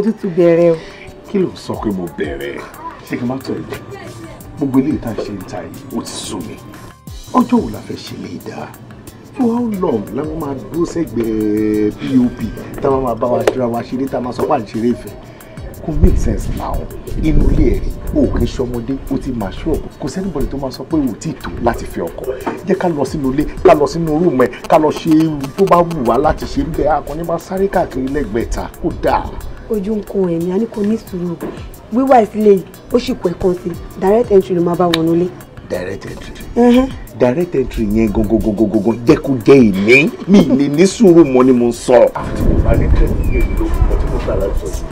òtútù bẹ̀rẹ̀ o. kí ló sọ pé mo bẹ̀rẹ̀ ṣé kí n má tọ̀ ẹ̀ gbogbo ilé ìta ṣe ń ta yìí ó ti sún mi ọjọ́ wo la fẹ́ ṣe lè dáa how long la wọ́n máa dúró sẹ́gbẹ̀ẹ́ pop táwọn máa bá wa ṣe ra wa ṣeré tá a máa sọ pé à ń ṣeré ìfẹ́ kò make sense now inú ilé ẹ̀rí o kì ṣọmọdé o ti máa ṣọ́ọ̀bù kò sẹ́nìbọ̀dì tó máa sọ pé o ti tó láti fi ọkọ jẹ́ ká lọ sínú ilé ká lọ sínú rúùmù ẹ̀ ká lọ ṣe tó bá wù wá láti ṣe ń bẹ́ẹ̀ akọni máa sáré káàkiri lẹ́gbẹ̀ẹ́ta kó dáa ojú ń kun ẹ̀mí a ní kò ní sùúrù wíwá ìsílẹ̀ yìí ó sì pẹ́ kan sí direct entry ló máa bá wọnú lé. direct entry. Uh-huh. direct entry yẹn gangan jẹ́ kó jẹ́ ìní mi ní ní sùúrù mọ́ ni mo ń sọ. àti mo bá ní tẹ́lẹ̀ ní èlò ọkọ̀ tí mo gbà láti sọ sí.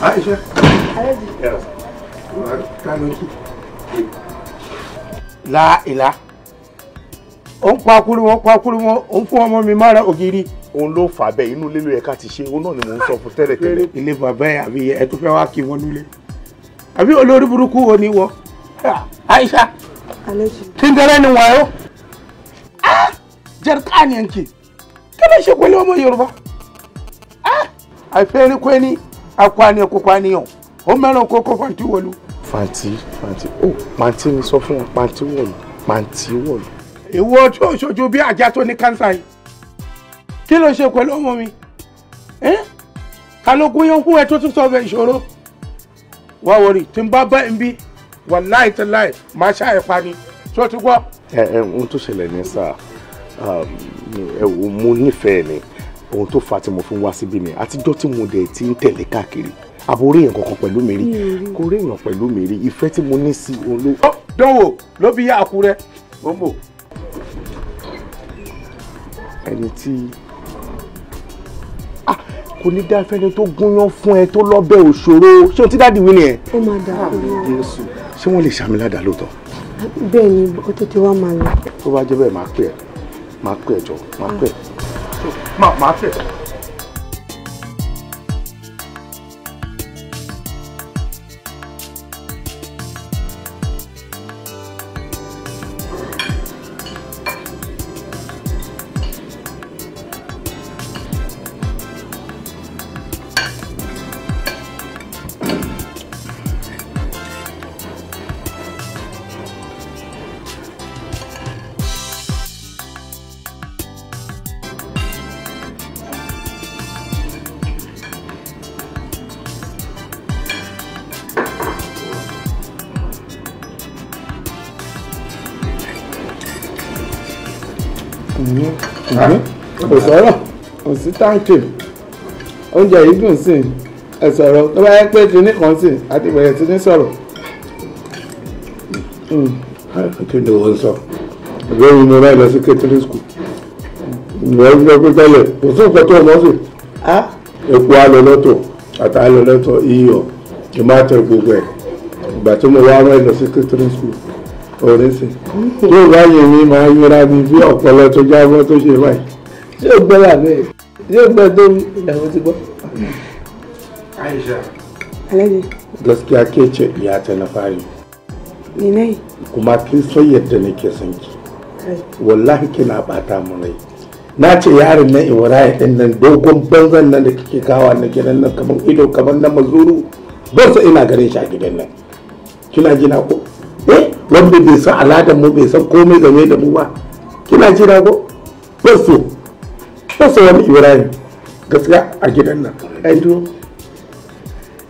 àìṣe. àìṣe. ká ló kù. láìla ó ń pa kúrú wọn pa kúrú wọn ó ń fún ọmọ mi mára ògiri. òun ló fà bẹ́ẹ̀ inú lílo ẹ̀ka ti ṣe òun náà ni mò ń sọ fún tẹ́lẹ̀ tẹ́lẹ̀. ilé bàbá ẹ àbí ẹ tó fẹ́ wá kí wọn nílé àbí olórí burúkú wo ni wọ. Aisha tíndẹrẹ ni wọn yóò. jẹrìká ni ẹ̀ ń kì kí ló ṣe pẹ̀lú ọmọ Yorùbá. àìfẹ́rí kọ́ ni akọ́ni ẹ̀kọ́ kọ́ ni ọ̀ ó mẹ́ràn kókó fàǹtí wọ̀lú. fàǹtí fàǹtí ó pàǹtí mi sọ fún wọn pàǹtí wọ̀lú pàǹtí wọ̀lú ìwọ tí ò ṣojú bí ajá tó ní kánsá yìí kí ló ṣe pẹ̀lú ọmọ mi kálógún yóò fún ẹ tó tún sọ bẹ ìṣòro wá wọrí tí n bá bá ń bí wàláì tí láì máa ṣá ẹ pa ni tó ti gbọ́. ẹ ẹ ohun tó ṣẹlẹ̀ ní sáà ẹ wò mo nífẹ̀ẹ́ ni ohun tó fa tí mo fi ń wá síbí ni àtijọ́ tí mo dẹ̀ ti ń tẹ̀lé káàkiri àbò rí kankan pẹ̀lú mi rí kò rí pẹ̀lú mi rí ìfẹ́ tí mo ní sí òun ló. dánwò ló bí yá àkúrẹ́ ó ẹni tí ah, kò ní dá fẹ́ni tó gúnyán fún ẹ tó lọ́bẹ̀ òṣòro ṣé o ti dáàdì wí ni ẹ. ó máa dà á ah, ṣé wọ́n lè ṣàmì ládàá lóòótọ́. bẹ́ẹ̀ ni ó tètè wá máa lọ. tó bá jẹ́ bẹ́ẹ̀ máa pè ẹ́ máa pè ẹ́ jọ máa pè ẹ́ ah. máa pè àbí kò sọ̀rọ̀ kò sí táǹkì oúnjẹ yìí dùn sí ẹ sọ̀rọ̀ tó bá yẹ pé kinní kan sí àti bẹ̀rẹ̀ sí ní sọ̀rọ̀. Hmm. kí ni wọ́n sọ ìwé yìí ni láì lọ sí kékeré skul ìwé yìí lọ pé tẹ́lẹ̀ kò sí nǹkan tó mọ́ sí. epo alọ́lọ́tọ̀ àti alọ́lọ́tọ̀ iyọ̀ tomato gbogbo ẹ̀ ìgbà tí mo wá wá lọ sí kékeré skul. òrèsè yóò bá yẹn mi máa yẹra mi bí ọ̀pọ̀lọ tó jábọ́ tó ṣe báyìí. ṣé o gbọ́ làbẹ́ ṣé o gbọ́ tó ìyàwó ti gbọ́. Aisha. Alhaji. Gaskiya ke ce iya ta na fari. Kuma kin yadda nake son ki. Wallahi kina bata mun rai. Na ce yaron nan Ibrahim din nan dogon banzan nan da kike kawo na gidan nan kamar ido kamar na mazuru. Ban sa ina ganin shi a gidan nan. Kina jina ko? eh wanda bai san al'adar mu bai san komai game da mu ba kina jira ko ba so ba so wani ibrahim gaskiya a gidan nan ẹ dúró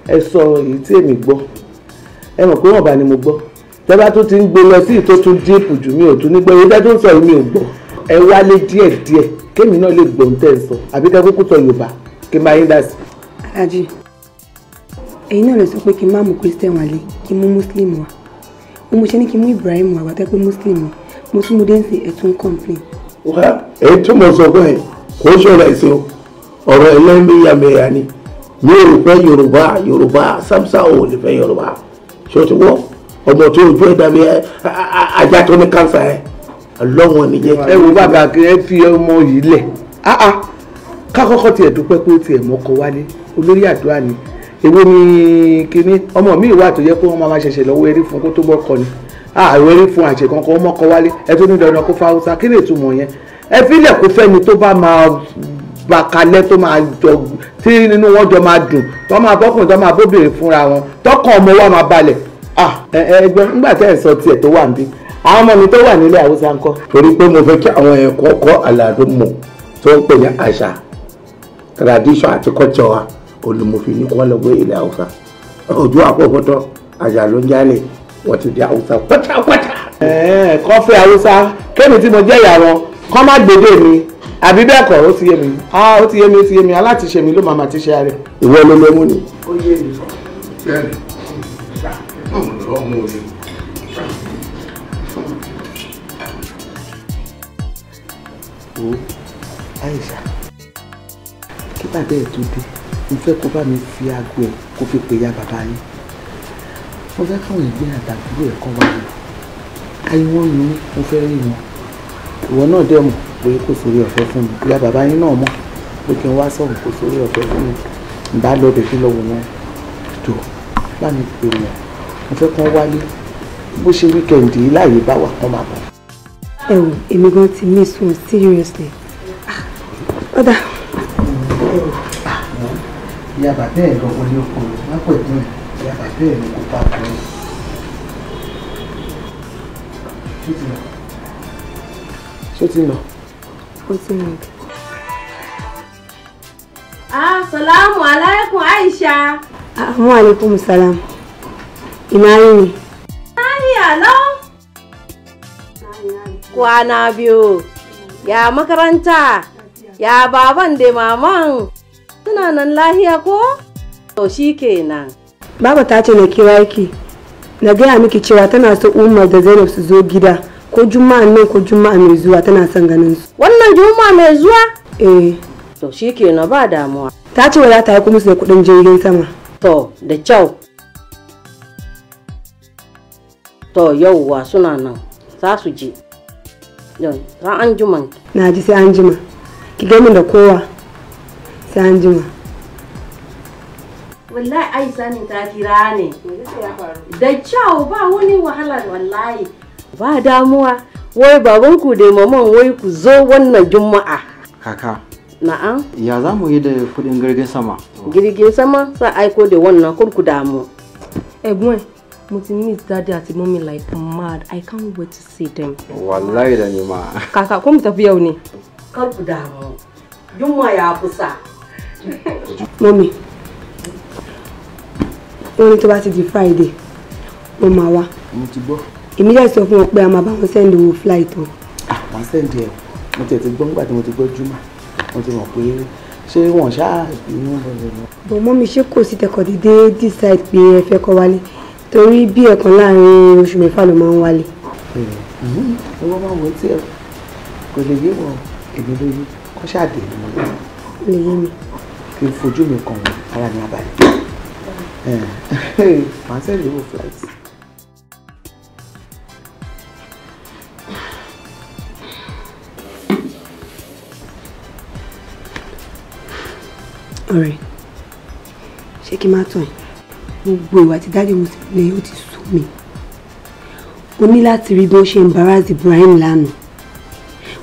ẹ sọ èyí tí èmi gbọ́ ẹ mọ̀ pé wọ́n bá ni mo gbọ́ tẹ́lá tó ti ń gbé lọ sí ìtó tún díìpù jù mí ò tún nígbà èyí tẹ́tún sọ èmi o gbọ́ ẹ wálé díẹ̀ díẹ̀ kémi náà lè gbọ́ tẹ́ ẹ sọ àbí ká kúkú sọ yorùbá kí n bá yín dá sí. alájí èyí náà lè sọ pé kí n má mú christian wálé kí n mú muslim wá mo ṣe ní kí n mú Ibrahim àgbàtẹ́ pé muslim ni mo tún mo dé ń sè é tún complain. wá èyí tí mo sọ fún ẹ kò ṣọ̀rọ̀ ẹ̀sìn o ọ̀rọ̀ ẹlẹ́mìyàmẹ̀yà ni mi ò fẹ́ Yorùbá Yorùbá samsa ò lè fẹ́ Yorùbá ṣòtí wọ́n ọmọ tó ojú ẹ̀ dàbí ajá tó ní kánsà ẹ̀ lọ́wọ́n nìyẹn. ẹ wo bàbá ẹ fi ọmọ yìí lẹ̀ ah, ah. kákọ́kọ́ tiẹ̀ dúpẹ́ pé ó tiẹ̀ mọ́kọ wálé olórí àdúrà ni èwo ni kíní ọmọ mi ìwà tó yẹ kó wọn máa ṣẹ̀ṣẹ̀ lọ́wọ́ erí fún kó tó bọ́ kọ ni àrò erí fún àṣẹ kankan ọmọ kan wálé ẹ tó ní dandan kó fa hausa kí lè túmọ̀ yẹn ẹ fílẹ̀ kó fẹ́ni tó bá máa bá kalẹ̀ tó máa jọ tí nínú wọn jọ máa dùn tó máa bọ́kùnrin tó máa bóbìnrin fúnra wọn tọkàn ọmọ wa máa balẹ̀ ẹgbẹ́ nígbà tẹ́ ẹ̀ sọ tiẹ̀ tó wà níbí àwọn ọmọ mi tó wà nílé haúsá ń kọ́. torí pé mo fẹ́ kí àwọn ẹ̀kọ́ kọ́ àlàdó mọ̀ tó ń pè ní àṣà tradition àti culture wa òní mo fi ní kọ́ lọ gbé ilẹ̀ haúsá ojú àpòfótó àjà ló ń jálè wọ́n ti di haúsá pátápátá. kọ́ fẹ́ haúsá kémi tí mo jẹ́ ìyàwó kọ́ má gbèdé mi àbí bẹ́ẹ̀ kọ́ ó ti yé mi ó ti yé mi ó ti yé mi aláàtìṣe mi ló máa ma ti ṣe rẹ̀. ìwọ ló ló mú ni. ó yé mi bẹ́ẹ̀ Aisha kí bàbá ẹ̀ tó dé mo fẹ́ kó bá mi fi aago ẹ̀ kó fi pè ya bàbá yín mo fẹ́ káwọn ìgbín àtàkùrọ̀ ẹ̀ kọ́ wá ayé wọn ni mo fẹ́ rí wọn ìwọ náà dẹ̀ mọ̀ pé kò sórí ọ̀fẹ́ fún mi ìyá bàbá yín náà mọ̀ pé kí n wá sọ̀rọ̀ kò sórí ọ̀fẹ́ fún mi ìbá lọ bẹ̀ lọ́wọ́ wọn tó bá mi pè wọ́n mo fẹ́ kán wálé bó ṣe wíkẹ̀ndì yìí láàyè bá wà kán máa bọ̀. ẹ wò èmi gan ti miss one seriously ah y bàbá ẹ̀ lọ́wọ́ ní oko má pẹ̀ dín ìyá bàbá ẹ̀ lọ́wọ́ a ọkọ rẹ̀. ṣó ti lọ. Aisha. àwọn alaikum salam kwana biyu ya makaranta ya baban da maman. Tuna nan lahiya ko? To shi nan. Baba ta ce na kira ki. Na gaya miki cewa tana so Umar da Zainab su zo gida ko Juma'a nan ko Juma'a mai zuwa tana son ganin su. Wannan Juma'a mai zuwa? Eh. To shi kenan ba damuwa. Ta ce za ta yi kuma su da kuɗin jirgin sama. To da kyau. To yauwa suna nan za su je. Don an juma. Na ji sai an juma. Ki gami da kowa. Sanjuma. wallahi ai sanin ta kira ne da kyau ba wani wahala wallahi ba damuwa wai babanku da maman wai ku zo wannan juma'a kaka na'am ya za mu yi da kudin girgin sama Girgin sama sa aiko da wannan kurku damu egbon eh, mo ti meet daddy ati mommy like mad i can't wait to see them wallahi da ni ma kaka ko mu tafi yau ne kar ku damu juma'a ya kusa mọ́mì wọ́n ní tó bá ti di friday no máa wá. mo ti gbọ́. èmi dẹ̀ sọ fún wọn pé a máa bá wọn sẹ́ndì owó flight wọn. àwọn ah, sẹ́ndì ẹ̀ mo tẹ̀ ti gbọ́ nígbà tí mo ti gbọ́ juma mo ti mọ̀ pé ṣé wọ́n ṣáà inú bọ̀lẹ̀ lọ. bọ̀ mọ́mì ṣé kò sí tẹkọ̀ dédé decide pé ẹ fẹ́ kọ́ wálé torí bí ẹ̀kan láàrin oṣù mẹ́fà ló máa ń wálé. ẹ wọ́n máa wọ etí ẹ̀ kò lè yé wọn èmi lóyún kọ́ ṣáà dé ìlú. lè yé mi kí n fojú mi kàn wọ́n ara mi abalẹ̀ màá sẹ́ lówó flight. ọ̀rẹ́ ṣé kí n máa tàn ẹ́ gbogbo ìwà tí dájú mo ti lè ó ti sú mi o ní láti rí bí wọ́n ṣe embarrass Ibrahim lánàá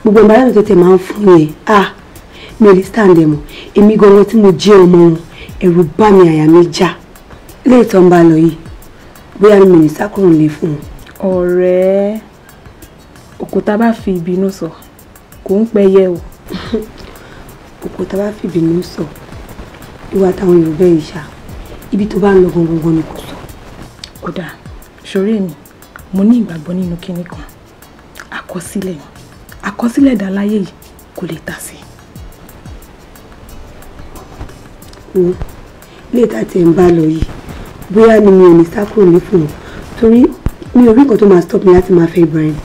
gbogbo embarrass tó tẹ̀ máa ń fún yẹn ah mi ò lè stand ẹ̀ mọ́ èmi gangan tí mo jẹ́ ọmọ wọn ẹ̀rù bá mi àyà mi já ilé ìtàn bá lọ yìí bóyá mi ní sákòrò lè fún un. ọ̀rẹ́ òkúta bá fi ìbínú sọ kò ń pẹ́ yẹ o. òkúta bá fi ìbínú sọ ìwà táwọn yorùbá yìí ṣá ibi tó bá ń lọ gangan ni kò sọ. ọ̀dà ṣòro èmi mo ní ìgbàgbọ́ nínú kinní kan àkọsílẹ̀ àkọsílẹ̀ dá yìí kò lè tà sí. fún yín ilé ìta tiẹ̀ ń bá lọ yìí bóyá ni mi ò ní sá kúrò ní fún ọ torí mi ò rí nǹkan tó máa stop mi láti máa fẹ́ Ibrahim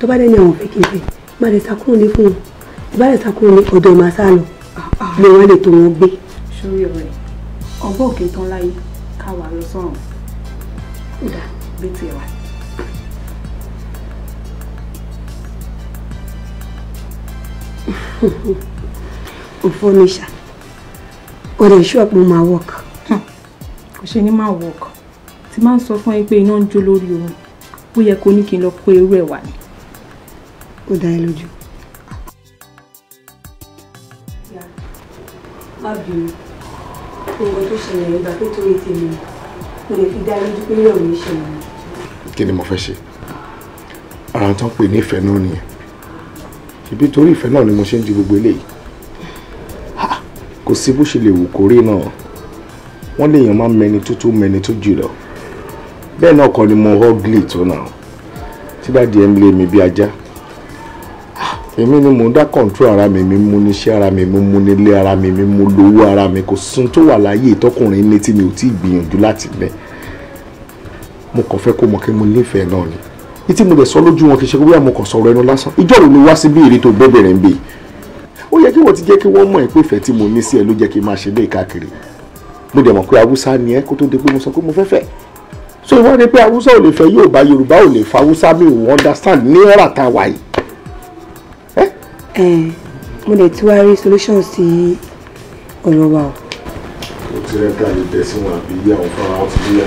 tó bá dẹ̀ ní àwọn fẹ́ kí n fẹ́ má lè sá kúrò ní fún ọ tó bá lè sá kúrò ní ọ̀dọ̀ máa sá lọ ni wọ́n lè tó wọn gbé. sórí ọ̀rẹ́ ọgbọ́n òkè tán láyé káwa lọ sọ̀rọ̀ kódà bí tiẹ̀ wà. òfò ni ṣáà o lè ṣọ́ pé mo máa work. Hmm. kò ṣe ní máa work tí máa ń sọ fún ẹ pé iná ń jó lórí oorun ó yẹ kó ní kí n lọ kó irú ẹ̀ wá ni. ó dá ẹ lójú. má bínú nǹkan tó ṣẹlẹ̀ nígbà pé torí tèmi mo lè fi dá lójú pé yóò ní ṣẹlẹ̀. kí ni mo fẹ́ ṣe ara tó ń pè ní ìfẹ́ náà nìyẹn ìbí torí ìfẹ́ náà ni mo ṣe ń di gbogbo eléyìí kò sí bó ṣe lè wù kó rí náà wọ́n lèèyàn máa mẹni tó tó mẹni tó jù lọ bẹ́ẹ̀ náà kọ́ ni mo ugly tó náà tí bá di ẹ̀mí lé mi bí ajá ah, èmi ni mò ń dá control ara mi mi mú níṣẹ́ ara mi mi mú nílé ara mi mi mú lówó ara mi kò sun tó wà láyé ìtọ́kùnrin ní mi ò tí gbìyànjú láti bẹ́ẹ̀ mo kàn fẹ́ kó mọ̀ kí mo nífẹ̀ẹ́ náà ni ìtí mo dẹ̀ sọ lójú wọn kì í ṣe pé bóyá mo kàn sọ̀rọ̀ ẹnu lásán ìjọ́ òru wá sí bí èrè tó bẹ́ẹ̀ bẹ̀rẹ̀ ń bèè ó yẹ kí wọ́n ti jẹ́ kí wọ́n mọ̀ ẹ́ pé ìfẹ́ tí mo ní sí ẹ ló jẹ́ kí n máa ṣe lé káàkiri mo dẹ̀ mọ̀ pé haúsá ni ẹ kó tó dé pé mo sọ pé mo fẹ́ fẹ́ so ìwọ́n rí pé haúsá ò lè fẹ́ Yorùbá Yorùbá ò lè fa haúsá mi ò understand ní ẹ̀rà tá a wà yìí. ẹ ẹ mo dẹ̀ ti wá rí solution sí ọ̀rọ̀ wa o. mo ti rẹ́ ká lè bẹ̀ sí wọn àbí yíyá òun fara ọtí yíyá.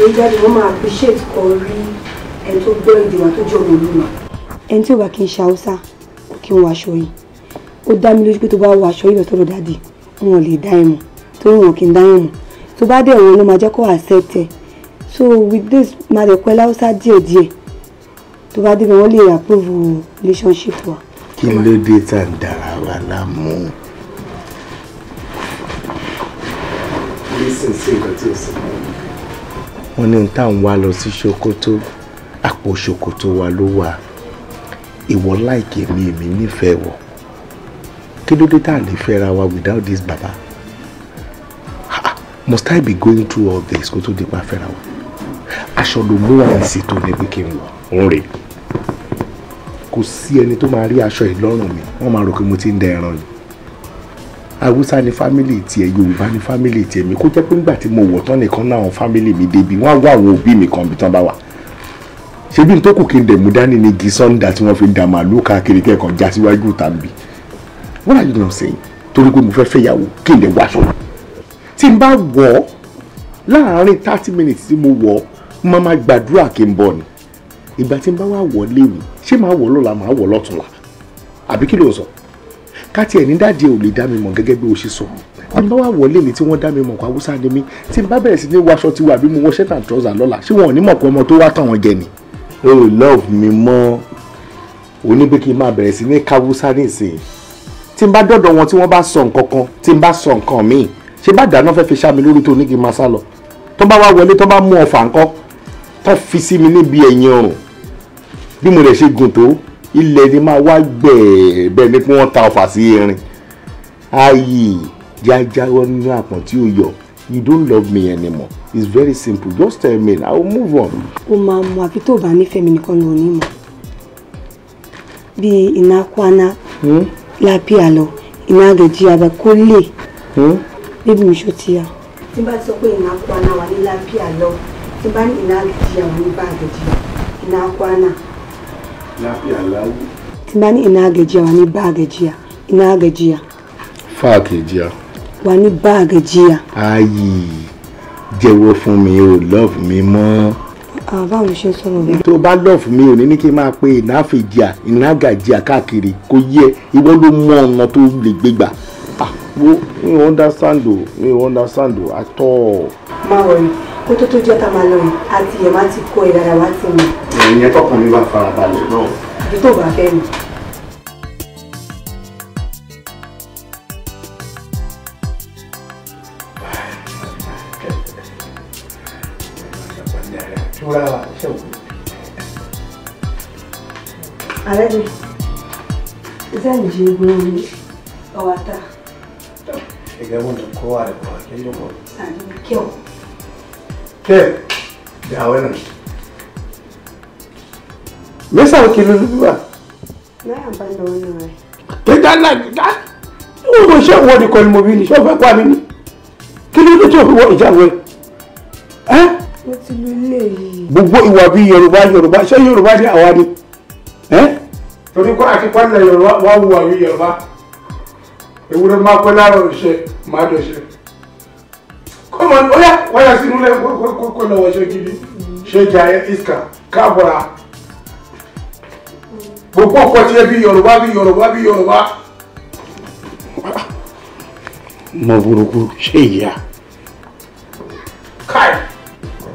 èyí jáde wọ́n máa appreciate kọ rí ẹni tó gbọ́ ìdìwà tó jẹ́ òun ẹni tí ò bá kí n ṣe haúsá kò kí n wọ aṣọ yìí ó dá mi lójú pé tó bá wọ aṣọ yìí lọ sọ́dọ̀ dáàdì wọn lè dá ẹ mọ̀ torí wọn kì í dá ẹ mọ̀ tó bá dẹ̀ wọn ló máa jẹ́ kó accept ẹ so with this máa dẹ̀ pẹ́ láwùsá díẹ̀díẹ̀ tó bá débẹ̀ wọ́n lè approve relationship wa. kí ló dé tá à ń dára wa láàmú. wọ́n ní táwọn wá lọ sí ṣòkòtò àpò ṣòkòtò wa ló wà ìwọ láìkè mi èmi nífẹ̀ẹ́ wọ̀ kí ló dé tá a lè fẹ́ra wa without this baba must I be going through all this kó tó di pa fẹ́ra wa aṣọ ló mú wa sí tó ní pé kí n wọ̀ ń rè kò sí ẹni tó máa rí aṣọ ìlọ́rùn mi wọ́n máa rò pé mo ti ń da ẹran ni haúsá ni fámìlì tiẹ̀ yorùbá ni fámìlì tiẹ̀ mi kó jẹ́ pé nígbà tí mo wọ̀ tán nìkan náà àwọn fámìlì mi débi wọ́n á wá àwọn òbí mi kan bí tán bá wà ṣebí n tó kù kí n dẹ̀ mú dání ni igi sọ́ńdà tí wọ́n fi ń da màálù káàkiri kẹ́kọ̀ọ́ já síwájú tàbí what are you now saying torí pé mo fẹ́ fẹ́ yàwó kí n dẹ̀ wọ aṣọ tí n bá wọ̀ ọ́ láàárín thirty minutes tí mo wọ̀ ọ́ mo máa gbàdúrà kí n bọ̀ ni ìgbà tí n bá wà wọ̀ léwu ṣé màá wọ̀ lọ́la màá wọ̀ lọ́tùnla àbí kí ló sọ ká tiẹ̀ dáàdi ò lè dá mi mọ̀ gẹ́gẹ́ bí o ṣe sọ tí n bá wà wọlé mi tí wọ́n dá mi mọ̀ kó haúsá ni mí tí n bá bẹ̀rẹ̀ sí ní wọ aṣọ tiwa àbí mo wọ ṣẹ́tà trọ́sà lọ́la ṣé wọn ò ní mọ̀ pé ọmọ tó wá tàn wọ́n jẹ ni o love mi mọ́ o ní pé kí n máa bẹ̀rẹ̀ sí ní káwúsá nísìnyí tí n bá dọ̀dọ̀ wọn tí wọ́n bá sọ nǹkan kan tí n bá sọ nǹkan míì ṣe bá dáná fẹ́ fi ṣá mi lórí tó ní kí n máa sá lọ tó bá wá wọlé tó bá mú ọfà ńkọ́ tó fi sí mi níbi ẹ̀yìn ọrùn bí mo lè ṣe gùn tó ilẹ̀ ni máa wá gbẹ̀ẹ́ bẹ́ẹ̀ ni pé wọ́n ta ọfà sí erin ayé jájáwọ́ nínú àpọ̀n tí ó yọ you don't love me anymore it's very simple just tell me i will move on. o máa mọ àfi tó o bá nífẹ̀ẹ́ mi nìkan ló ní mọ̀ bíi iná kwana hmm? lápíà lọ iná àgèjì àbá kó lè hmm? bébí mi ṣó ti yá. tí bá sọ pé iná kwana wà ní lápíà lọ tí bá ní iná àgèjì àwọn oníbà àgèjì iná kwana. lápíà láwù. tí bá ní iná àgèjì àwọn oníbà àgèjì iná àgèjì. fáàkì jíà. wà ní bá àgèjì. ayi jẹ́wọ́ fún mi o love mi mọ́. Ah, báwo ló ṣe sọ̀rọ̀ bẹ́ẹ̀. tó o bá love mi ò ní ní kí n máa pe ìnáfìjìà ìnágàjìà káàkiri kó yẹ ìwọ ló mọ ọ̀nà tó lè gbé gbà. Ah, wo mi ò understand o mi ò understand o at all. má wọrí kó tó tó jẹ́ ká máa lọ yìí àti ìyẹn máa ti kó ìdára wá sí mi. ìyẹn tọkàn bá fara náà. ibi tó bá fẹ́ mi. turawa shan Alhaji, zan je gurin ƙawata. Shiga mun da kowa da kowa, kin ji ko? Kyau. Ke, ga wannan. Me yasa kake lulluɓa? Na amfani da wannan wai. Kai da Allah, da. Ko shan wani kwalmobi ne, shan fa kwami ne. Kin lulluɓa ce ko ijawai. gbogbo ìwà bí yorùbá yorùbá ṣé yorùbá ní àwa ni torí kọ́ àti pálẹ̀ yorùbá wá wùwà bí yorùbá ewúrẹ́ máa pẹ́ láàárọ̀ ìṣe máa dọ̀ṣẹ́ kọ́mọ ó yà wáyà sínú lẹ́ kó lọ́wọ́ ṣe gidi ṣe jà ẹ́ iska káàbọ̀ra gbogbo ọkọ̀ tiẹ̀ bí yorùbá bí yorùbá bí yorùbá. mo burúkú ṣe ìyá.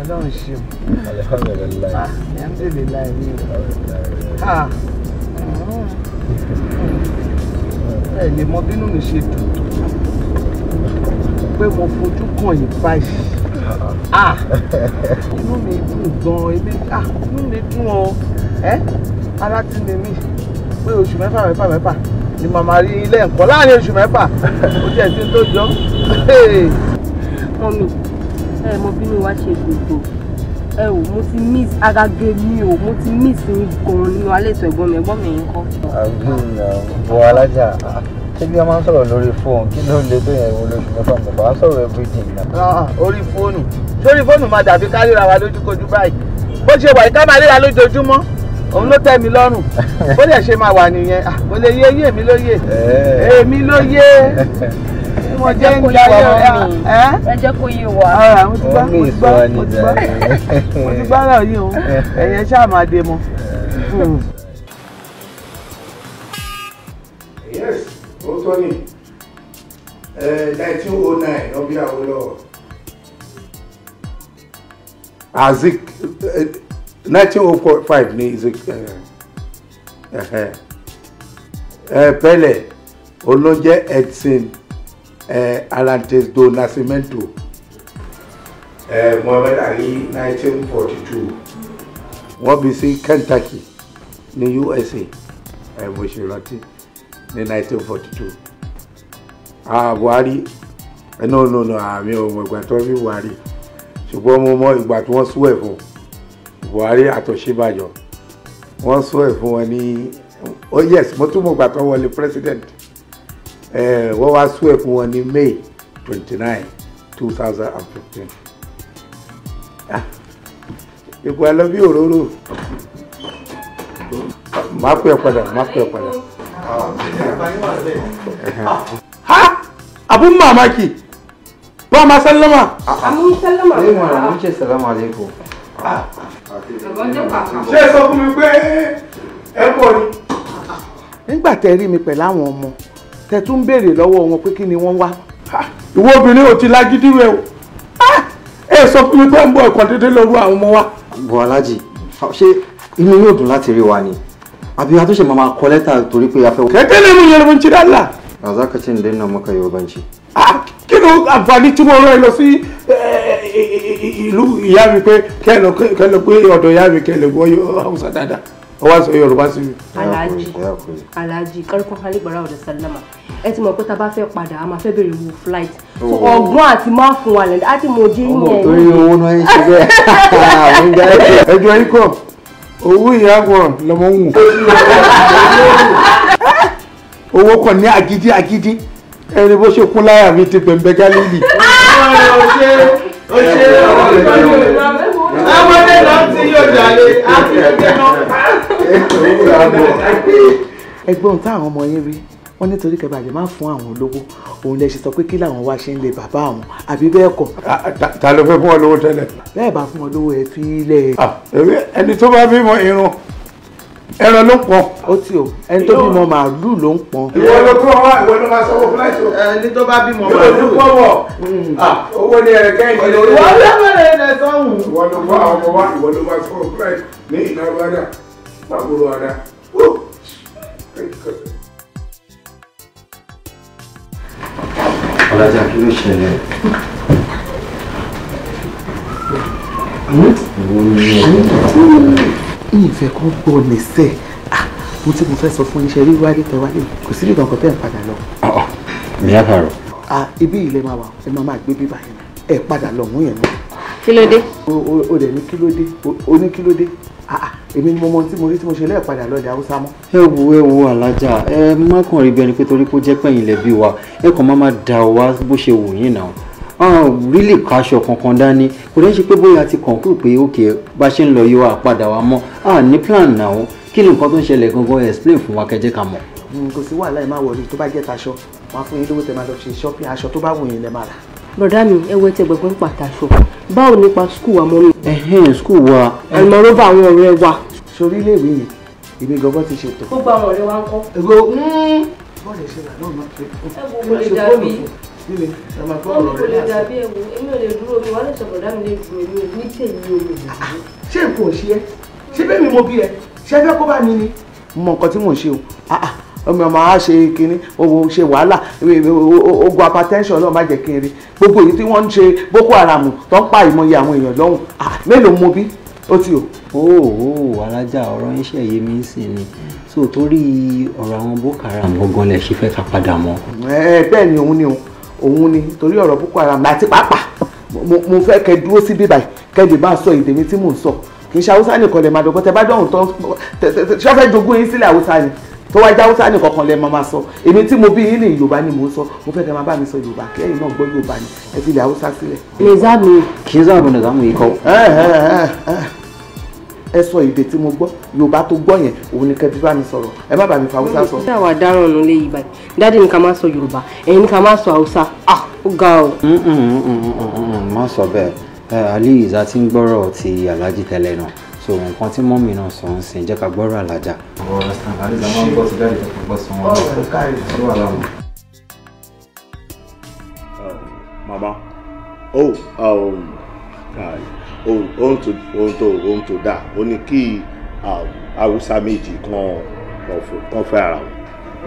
ọlọ́run ṣeun. alhamdulilayi. alhamdulilayi ah, mi o. Ah. ẹ lè mọ bínú mi ṣe dùn pé mo fojú kàn yín báyìí ah. inú mi dùn gan ebi inú mi dùn o ara ti ní mi pé oṣù mẹ́fà mẹ́fà mẹ́fà ni màmá rí ilé ẹ̀kọ́ láàrin oṣù mẹ́fà ó jẹ́ ti tó jọ ẹ mọ bí mi wá ṣe gbogbo ẹ wò mo ti miss agage mi o mo ti miss yín gan nínú alẹ́ ìtọ́ ẹ̀gbọ́n mi ẹ̀gbọ́n mi yín kọ́. bọ alájà ṣé bí a máa ń sọ̀rọ̀ lórí fóònù kí ló lè tó yẹn ìwọ lóṣù mẹ́fà mẹ́fà à ń sọ̀rọ̀ everything náà. orí fóònù sórí fóònù máa dàbí ká ríra wa lójúkojú báyìí bó ṣe wà yìí ká máa ríra lójoojúmọ́ òun ló tẹ́ mi lọ́rùn bó lè ṣe máa wà nìyẹn kò lè yé yé mi ló yé èmi ló yé tí mo jẹ́ ń darí ọ̀rẹ́ ẹ jẹ́ kó yé wa. ara mo ti gbá mo ti gbá mo ti gbá mo ti gbá náà yìí o ẹ̀yẹn ṣáà máa dé mọ́. Hmm. yes ó tọ́ ni nineteen oh nine ọbí Awólọ́wọ̀. Azik nineteen oh five ni Zik Pẹ̀lẹ́ olóúnjẹ Edson eh, Alantes do Nascimento. Eh, Muhammad Ali 1942. Wọ́n bí sí Kentucky ní USA ẹ̀ eh, mo ṣe rántí ní 1942. Ah, Buhari eh, no no no àmì ọmọ ìgbà tó bí Buhari ṣùgbọ́n mo mọ ìgbà tí wọ́n sún ẹ̀ fún Buhari àtọ̀ṣíbàjọ́ wọ́n sún ẹ̀ fún wọn ní oh yes mo tún mọ̀ ìgbà tó wọlé president Eh, wọ́n wá sún ẹ̀ fún wọn ní May twenty nine two thousand and fifteen ah, ipò ẹ lọ bí òróró máa pè padà máa pè padà. ha abu mamaki ba ma sallama amun sallama ne mo na ce salamu alaikum ṣe sọ fún mi pé ẹ pọ̀ ni. nígbà tẹ́ rí mi pẹ̀lú àwọn ọmọ tẹ tún béèrè lọ́wọ́ wọn pé kí ni wọ́n wá ìwọ obìnrin ò ti lágídí rẹ o ẹ sọ fún mi pé ń bọ ẹ̀kọ́ dédé lọ́rùn àwọn ọmọ wa. bọ̀ alájì ṣé inú yóò dùn láti rí wa ni àbí wa tó ṣe máa kọ lẹ́tà torí pé a fẹ́. kẹ́kẹ́ lè mú yorùbá dá là. razaka ti ń dé náà mọ́kà yorùbá ń ṣe. kí ló àǹfààní tí mo rán ẹ lọ sí ìlú ìyá mi pé kẹ́ ẹ lọ pé ọ̀dọ̀ ìyá mi kẹ́ ẹ lè wọ́ ó wá sọ yorùbá sí mi. aláàjì aláàjì kárìkún hali gbàrà ọ̀dọ̀ sálámà ẹ ti mọ̀ pé tá a bá fẹ́ padà a máa fẹ́ bèrè wo flight so ọgbọ́n àti máa fún wa lẹ́dá á ti mọ ojú yín yẹn. ọmọ torí owó náà ń ṣe bẹ́ẹ̀ ẹjọ́ yín kọ̀ owó ìyá wọn lọmọ ń wù owó kan ní agídí agídí ẹni bó ṣe kún láyà mi ti pẹ̀mbẹ́ gálílì. ọmọdé náà ti yóò jalè àti ẹgbẹ́ náà ẹ̀gbọ́n táwọn ọmọ yín rí wọn nítorí kẹfà àjẹ máa fún àwọn olówó òun lè ṣe sọ pé kí làwọn wá ṣe ń lè bàbá àwọn àbí bẹ́ẹ̀ kọ́. ta ló fẹ́ fún ọ lówó tẹ́lẹ̀. bẹ́ẹ̀ bá fún ọ lówó ẹ fi lẹ̀. ẹni tó bá bímọ irun ẹran ló pọn. ó ti o ẹni tó bímọ màálù ló ń pọn. ìwọ ló tún wá ìwọ ló máa sanwó fúláìtì o. ẹni tó bá bímọ màálù. yóò tún pọ̀ wọ̀ owó ni ẹ̀rẹ̀kẹ́ yìí àbúrò ara ọlájà kí ló ṣẹlẹ̀ ìfẹ́ kan gbọ́ lẹ́sẹ̀ mo tí mo fẹ́ sọ fún iṣẹ́ rí wálé tẹ wálé kò sí ìgbà kan tẹ́ ẹ̀ padà lọ. mi á bàrọ̀. ibi ilẹ̀ máa wà ẹ máa máa gbé bíbá yẹn ẹ padà lọ mú yẹn mú. kí ló dé. o dẹ̀ ní kí ló dé o ní kí ló dé èmi ni mo mọ tí mo rí tí mo ṣe lẹ́ẹ̀padà lọ́dẹ haúsá mọ́. ẹ wo ẹ wo alájà ẹ má kàn rí bí ẹni pé torí kó jẹ́ pẹ̀yìn lẹ́bí wa ẹ kàn má má da ọ wá bó ṣe wù yín náà ọ̀hún rílì kaṣọ kankan dání kò dẹ́ ṣe pé bóyá ti conclude pé ok bá ṣe ń lọ yóò àpadà wa mọ́ à ní plan náà kí ni nǹkan tó ń ṣẹlẹ̀ gangan explain fún wa kẹjẹ́ ká mọ̀. Hmm, kò sí wàhálà ẹ má wọlé tó bá jẹ́ taṣọ wọn fún yín lówó tẹ shopping aṣọ tó bá wù yín bọ̀dá mi ẹ wọ ẹtẹ gbẹ̀gbẹ́ ń pàtàkì báwo nípa skul wa mọ́ mi. ẹhẹ́n skul wa. àmọ́ ló bá àwọn ọ̀rẹ́ wa. sórí iléèwé yẹn èmi gangan ti ṣètò. gbogbo àwọn ọ̀rẹ́ wa ń kọ́. ègo bọ́ọ̀lù ṣe làná máa fi. ẹ wo hmm. lè dàbí níbi ẹ máa kọ́ ọ̀rọ̀ rẹ̀ láti. dàbí ẹ̀wò èmi ò lè dúró mi wà lè sọ bọ̀dá mi lè dúró mi ò ní tèmi ò lè dúró. ṣé nǹkan ò ṣe ẹ ṣé bẹ́ẹ̀ mi mo bí ẹ ṣé ẹ fẹ́ kó bá mi ni. mo mọ nǹkan tí mò ń ṣe o ah, ah ọmọ máa ṣe kinní owó ṣe wàhálà ogun hypertension náà má jẹ́ kí n rí gbogbo èyí tí wọ́n ń ṣe boko haram tó ń pa ìmọye àwọn èèyàn lọ́hùn mélòó mo bí ó ti o. ooo alájà ọ̀rọ̀ yín ṣe yé mi sí ni so torí ọ̀rọ̀ àwọn boko haram gangan lẹ̀ ṣe fẹ́ ká padà mọ́. ẹ bẹ́ẹ̀ ni òun ni òun ni torí ọ̀rọ̀ boko haram àti pàápàá mo fẹ́ kẹ́ dúró sí bíbáyìí kẹ́ lè máa sọ èdè mi tí mò ń sọ kì í ṣe haúsá nìkan lè máa dọ́gbọ́n tẹ bá dọ̀hún tán ṣọ́fẹ́ jogún yín sílẹ̀ haúsá ni tó wá jáwúsá ní kankan lẹ́ẹ̀ máa sọ èmi tí mo bí yín ní yorùbá ni mò ń sọ mo fẹ́ kẹ́ máa bá mi sọ yorùbá kẹ́yìn náà gbọ́ yorùbá ni ẹ fi ilẹ̀ haúsá sílẹ̀. nìzámù kì í sọ̀rọ̀ nìzámù yìí kọ́. ẹ sọ èdè tí mo gbọ́ yorùbá tó gbọ́ yẹn òun ni kẹfí bá mi sọ̀rọ̀ ẹ má bá mi fa haúsá sọ. ṣé àwa dáràn ló lé yìí báyìí ní ká má sọ yorùbá ẹ̀yin ní ká má sọ haúsá ah ó ga o. Mm, mm, mm, má sọ bẹ́ẹ̀ Ali ìzá ti ń gbọ́rọ̀ ti alájí tẹ́lẹ̀ náà so nǹkan tí mọ́mì náà sọ ń sìn jẹ́ ká gbọ́rọ̀ àlàjà. ọ̀rọ̀ sàn àdìsá máa ń bọ̀ sí dáàdì tó bọ́ sọ wọn ló wà oh um, um ohun tó ohun tó dáa ó ní kí um, haúsá méjì kan kan fẹ́ ara wọn.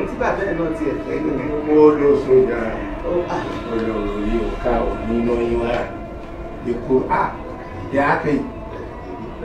etí bàbá ẹ̀ náà tiẹ̀ fẹ́ ni mo lọ sójà ọ̀rọ̀ yìí ò ká òun náà yín wá ikú ah,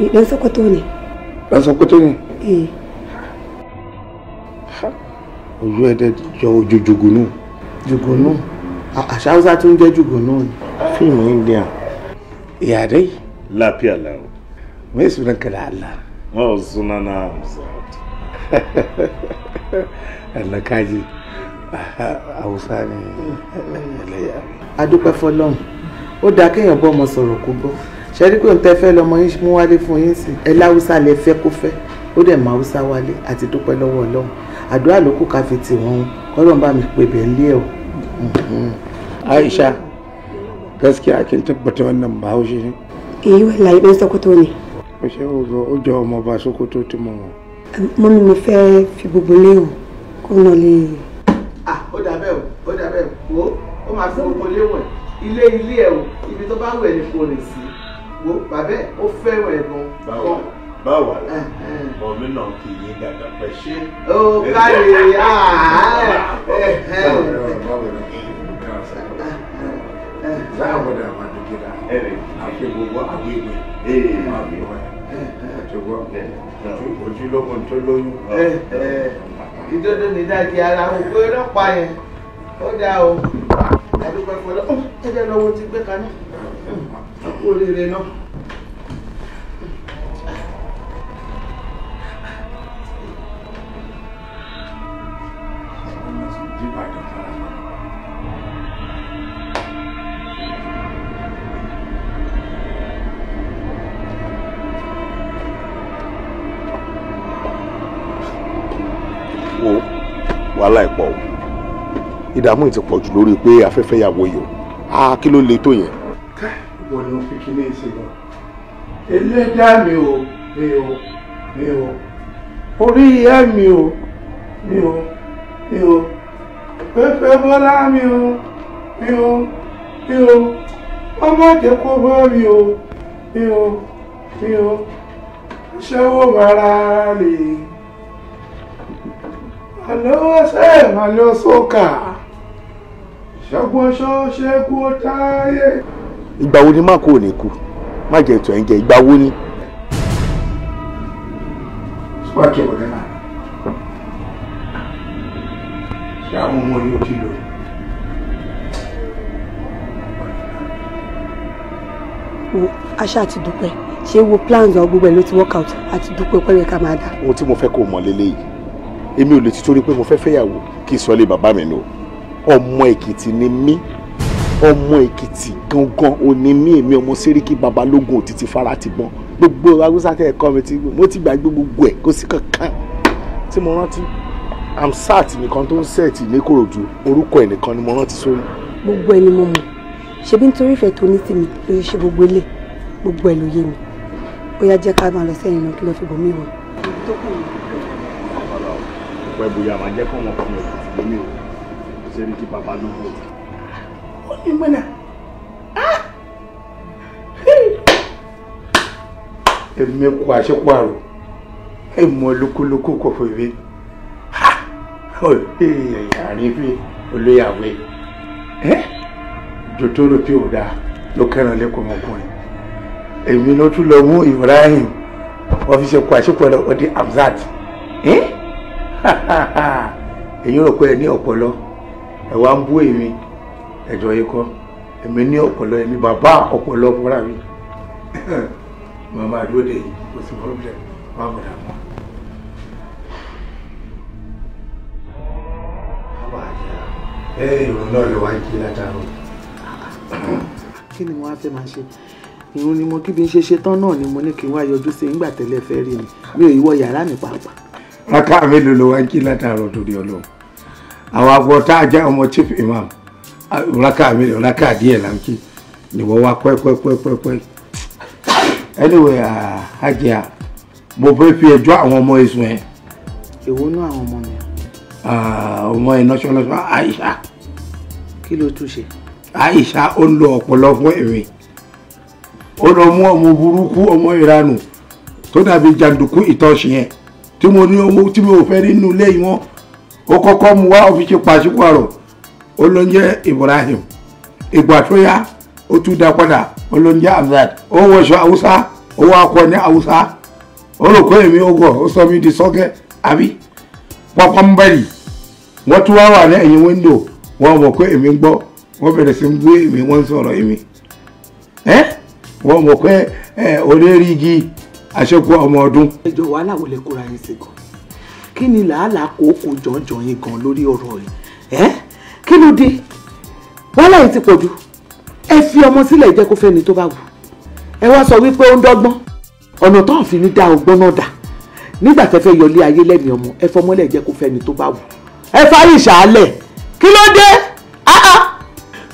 eh dan sokoto ne dan sokoto ne eh ojú ẹ̀ dẹ̀ jọ ojú jùgùnú. jùgùnú àṣà hausa tún jẹ́ jùgùnú ni. fíìmù india. ìyá dai. lafiya lau. mai sunan ka da Allah. ma suna na Hamzat. Allah kaji hausa ne. a dúpẹ́ fọlọ́run ó dáa kéèyàn bọ́ ọmọ sọ̀rọ̀ kó gbọ́ ṣẹ́rí pé òun tẹ́ fẹ́ lọmọ yín mú wálé fún yín sìn ẹ láwùsá lẹ fẹ́ kó fẹ́ ó dẹ̀ máa wùsá wálé àti dúpẹ́ lọ́wọ́ ọlọ́run àdúrà ló kù ká fi tì wọ́n kọ́lọ́n bá mi pè bẹ́ẹ̀ lé ẹ̀ o. Mhm. aisha gaskiya kin tabbata wannan bahaushe ne. eh wallahi ɗan sokoto ne. ó ṣe ó jọ ọmọ ọba sokoto tí mo mọ̀. mọ́mí mo fẹ́ fi gbogbo lé o kó nà lè. ah ó dà bẹ́ẹ̀ o ó dà bẹ́ẹ̀ o ó máa fi gbogbo lé wọn ilé ilé ẹ̀ o ibi tó bá wù ni kò rìn sí wo bàbá ẹ̀ ó fẹ́ràn ẹ̀gbọ́n. báwo báwo ọmọ mi náà kì í yín dàgbà pẹ́ ṣé. ó kárí láàbọ̀dà máa dùn kíra àti gbogbo àgbègbè máa bí wọn àti gbogbo ojúlówó tó lóyún. ìdodo nìdájí ara òkú ẹlọ́pàá yẹn ó dáa o àdúgbò fọlọ́ ẹ̀jẹ̀ lọ́wọ́ ti gbé kaná hm, kú oríire náà. wàhálà ìpọ̀ o ìdààmú yìí ti pọ̀ jù lórí pé afẹ́fẹ́ yàwó yìí o kí ló le tó yẹn. wọ́n ní fi kí ní lọ ẹlẹ́dà mi ò mi ò mi ò orí ìyá mi ò mi ò mi ò pẹ́pẹ́ bọ́lá mi ò mi ò mi ò ọmọ jẹ́ bọ́ mi ò mi ò mi ò ṣẹ́wó mara lè alowóṣe alóṣókà ṣọgbọnṣọ ṣẹgun táyé. ìgbà wo ni má kó o ní kú má jẹ ètò ẹ̀ ń jẹ ìgbà wo ni. sọ́ọ̀kì ọ̀rẹ́ náà ṣé àwọn ọmọ yóò ti lò. wo aṣá àti dúpẹ́ ṣé wo plans náà gbogbo ẹ̀ ló ti work out àti dúpẹ́ pẹ́rẹ́ ká máa dà. ohun tí mo fẹ́ kó mọ̀ lélẹ́yìí èmi ò lè ti torí pé mo fẹ́ fẹ́yàwó kí n sọlé bàbá mi nù ọmọ èkìtì ni mí ọmọ èkìtì gangan ò ní mí èmi ọmọ sẹ́ríkì babalógun òtítì fara ti gbọ́n gbogbo haúsá tẹ̀ ẹ̀kọ́ mi ti mo ti gbàgbé gbogbo ẹ̀ kó sí kankan tí mo rántí amsat nìkan tó ń sẹ́ẹ̀tì ní kòròdú orúkọ ẹ̀ nìkan ni mo rántí sórí. gbogbo ẹ ni mo mọ̀ ṣebí nítorí ìfẹ́ tó ní tì mí ló ṣe gbogbo ilé gbogbo ẹ ló yé mi ó yá ká máa lọ sẹ́yìn náà kí lọ́ọ́ fi bòmí wọ̀. tó pẹ́ bóyá máa jẹ́ kọ́mọ kan ẹ̀ tìlú mi ò sẹ́ni kí bàbá ló bò. ó ní mọ́nà. èmi kò àṣepàrọ̀ èmọ̀ lókólókó kò fèwé àrífín olóyàwó jòtóró tí ò dáa ló kẹ́ràn lẹ́kọ̀ọ́ ọmọkùnrin èmi ló tún lọ mú Ibrahim wọ́n fi ṣe kó àṣepàrọ̀ ọdí Hamzat. Eh? ẹ̀yin rò pé ẹ ní ọpọlọ ẹ wá ń bú èmi ẹ̀jọ̀ yìí kọ́ èmi ní ọpọlọ èmi bàbá ọpọlọ fúnra mi màmá àdúró dè yìí kò sí problem wà bọ̀dà mọ́. ẹ ìrùn náà ló wá jí látàrọ. kí ni mo wá fẹ́ máa ṣe ìrùn ni mo kí bí n ṣe ṣe tán náà ni mo ní kí n wá yọjú sí i nígbà tẹ́lẹ̀ fẹ́ rí mi mi ò yíwọ yàrá mi pàápàá rákà mélòó ló wá ń kí Awa torí ọlọ́run àwọn afọ tá a já ọmọ Raka imam rákà mélòó rákà díẹ̀ là ń kí nìwọ wá pẹ́pẹ́pẹ́pẹ́ anyway Hajiya mo fẹ́ fi ẹjọ́ àwọn ọmọ ẹ̀sùn ẹ̀. èwo náà àwọn ọmọ mi. ọmọ ẹ̀ nọ́ṣọ́nọ́ṣọ́ Aisha. kí ló tún Aisha ó ń lo ọ̀pọ̀lọ fún ẹ̀rín ó lọ mú ọmọ burúkú ọmọ ìranù tó dàbí jàǹdùkú ìtọ́ṣe yẹn tí mo ní owó tí mo fẹ́ rí nínú ilé yìí wọ́n ó kọ́kọ́ mu wá ó fi ṣe pàṣípàrọ̀ Ibrahim ìgbà tó yá ó tún dá padà olóúnjẹ Hamzat ó wọṣọ haúsá ó wá kọ ní haúsá ó rò pé èmi ó gọ̀ ó sọ mi di sọ́kẹ́ àbí wọ́n tún wá wà ní ẹ̀yìn wíńdò wọ́n mọ̀ pé èmi ń gbọ́ wọ́n àṣekú ọmọ ọdún. ẹjọ wàhálà wo lè kóra yín sí gan kí ni làálàá kòókò jọjọ yín gan lórí ọ̀rọ̀ yìí ẹ kí ló dé wàhálà yìí ti pọ̀ jù ẹ fi ọmọ sílẹ̀ jẹ́ kó fẹ́ni tó bá wù ẹ wá sọ wípé ó ń dọ́gbọ́n ọ̀nà tó ń fi ní dá ọgbọ́n náà dà nígbà tẹ́ fẹ́ yọlé ayé lẹ́mìí ọmọ ẹ fọmọlẹ̀ jẹ́ kó fẹ́ni tó bá wù ẹ fárí ìṣàlẹ̀ kí ló dé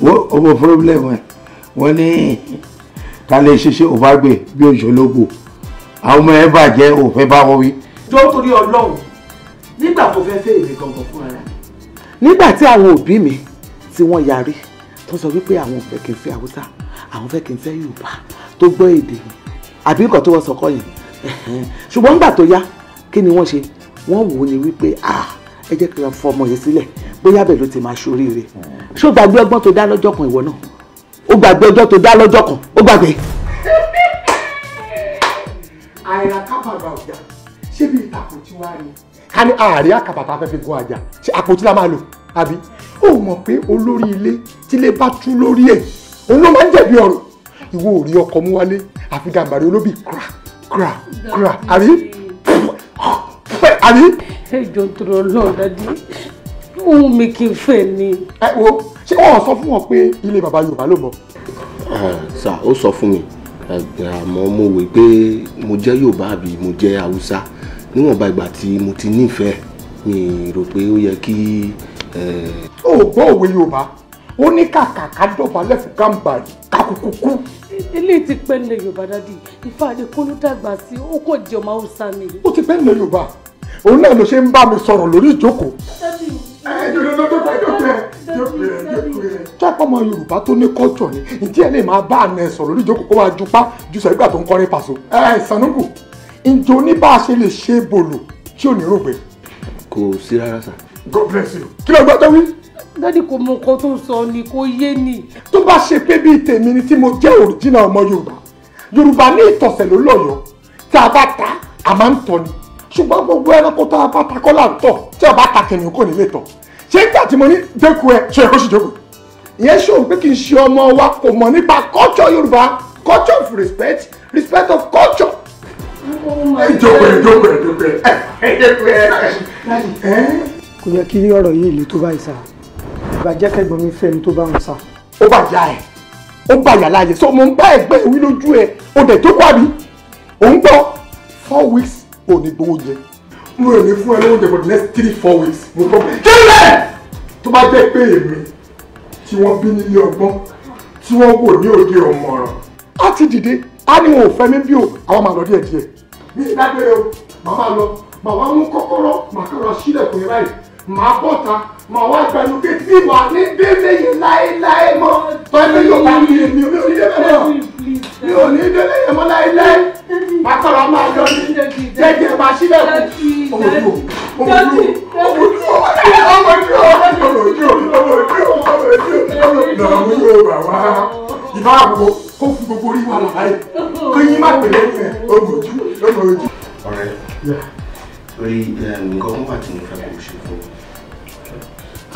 wọ́n ọmọ problem ẹ̀ wọ́n ní ta lè ṣe ṣe òbágbé bí òṣèlógún àwọn ọmọ ẹ bàjẹ́ ò fẹ́ bá wọn wí. tó ń torí ọlọ́run nígbà tó fẹ́ fẹ́ èmi gangan fúnra rẹ̀. nígbà tí àwọn òbí mi tí wọ́n yarí tó sọ wípé àwọn fẹ́ kí n fẹ́ haúsá àwọn fẹ́ kí n fẹ́ yorùbá tó gbọ́ èdè mi àbí nǹkan tó wọ́n sọ kọ́ yẹn ṣùgbọ́n nígbà tó yá kí ni wọ́n ṣe wọ́n wò ni wípé ah ẹ jẹ́ kí n fọ ọmọ yẹn sílẹ̀ bóyá bẹ́ẹ̀ ló ti máa ṣoríire ṣó gbàgbé ọgbọ́n tó dá lọ́jọ́ kan ìwọ náà ó gbàgbé ọjọ́ tó dá lọ́jọ́ kan ó gbàgbé àìrà kábàbà ọjà ṣé bí ìtàkùn tí wàá ni. ká ní ààrẹ àkàbàtà afẹ́fẹ́ gun àjà ṣe àpótí la máa lò àbí ó mọ̀ pé olórí ilé tílé bá tú lórí ẹ̀ òun ló máa ń jẹ̀bi ọ̀rọ̀ ìwọ ò rí ọkọ mú wálé àfi gàmbàrí olóbì kra kra kra àbí àbí. ẹ jọ tọrọ lọ dadi ohun mi kì í fẹ́ ni. ẹ wo ṣé wọn sọ fún wọn pé ilé baba Yorùbá ló mọ. sà ó sọ fún mi àmọ́ mo wò pé mo jẹ́ Yorùbá àbí mo jẹ́ Haúsá níwọ̀nba ìgbà tí mo ti nífẹ̀ẹ́ mi rò pé ó yẹ kí. ó gbọ́ òwe Yorùbá ó ní kàkà ká dọ̀bálẹ̀ fún gàǹbàrì kakuku kú. eléyìí ti pẹ́ nílẹ̀ Yorùbá dádì Ifá Adékúnlé dàgbà sí ó kò jẹ́ ọmọ Haúsá mi. ó ti pẹ́ nílẹ̀ Yorùbá òun náà ló ṣe ń bá mi sọ̀rọ̀ lórí ìjókòó jẹ́ pọ́mọ yorùbá tó ní culture ni ǹjẹ́ ẹ lè máa bá àna ẹ̀ sọ̀rọ̀ lórí ìjókòó kó wá jupá ju sọ ìgbà tó ń kọrin pàṣọ. ẹ Sanubu ǹjẹ́ o ní bá a ṣe lè ṣe bòlò tí ò ní rògbé. kò sí rárá sà. God bless you. kí ló gbọ́ tó wí. dádì kò mọ nǹkan tó ń sọ ni kò yé ni. tó bá ṣe pé bíi tèmi ni tí mo jẹ́ original ọmọ yorùbá yorùbá ní ìtọ̀sẹ̀ ló lọ́yọ̀ọ́ tí a bá ta a máa ń tọ́ ṣùgbọ́n gbogbo ẹranko tó a bá takọ́ là ń tọ̀ tí ọba ta kìnìún kò ní lè tọ̀ ṣé nígbà tí mo ní dẹ́kun ẹ ṣe èkó sì jókòó ìyẹn ṣòwò pé kì í ṣe ọmọ wa kò mọ̀ nípa culture Yorùbá culture of respect respect of culture. ìjọba ìjọba ìjọba ẹ ẹ dẹ́kun ẹ. kò yẹ kí ọ̀rọ̀ yìí lè tó báyìí sá ìbàjẹ́ kẹgbọ́n mi fẹ́ mi tó bá wọn sá. ó bá yá ẹ ó gbà yà láàyè so mo ń bá ẹgbẹ́ ìwí lójú ẹ o dẹ̀ tó kọ́ àbí òun gbọ́ four weeks o ò ní gbowó jẹ mo rò ní fún ẹ lówó jẹ for the next three four weeks mo gbọ́ kílẹ̀ tó bá jẹ́ pé èmi tí wọ́n bí nílé ọgbọ́n tí wọ́n wò ní òde ọ̀mọ̀ràn á ti dìde á ní wọn ò fẹ́ mi bí o àwọn máa lọ díẹ̀ díẹ̀ mi ti dágbére o màá máa lọ màá wá mú kọ́kọ́rọ́ màá kọ́ra sílẹ̀kùn yẹn báyìí màá bọ́ta mọ̀ wá pẹ̀lú títí wà ní délé yìí láéláé mọ́ pẹ̀lú yóò bá mi èmi mi ò ní délé mọ́ mi ò ní délé yẹn mọ́ láéláé akọ̀rọ̀ máa yọ ní jẹjẹ máa sílẹ̀ kù òwòjú òwòjú òwòjú òwòjú òwòjú òwòjú òwòjú lọ́mú yóò bà wá ìbá wo kó fún gbogbo orí wa làbáyé kó yín má pèlè yẹn òwòjú òwòjú. ọ̀rẹ́ lórí nǹkan mú àti nǹkan kò ṣe fún mi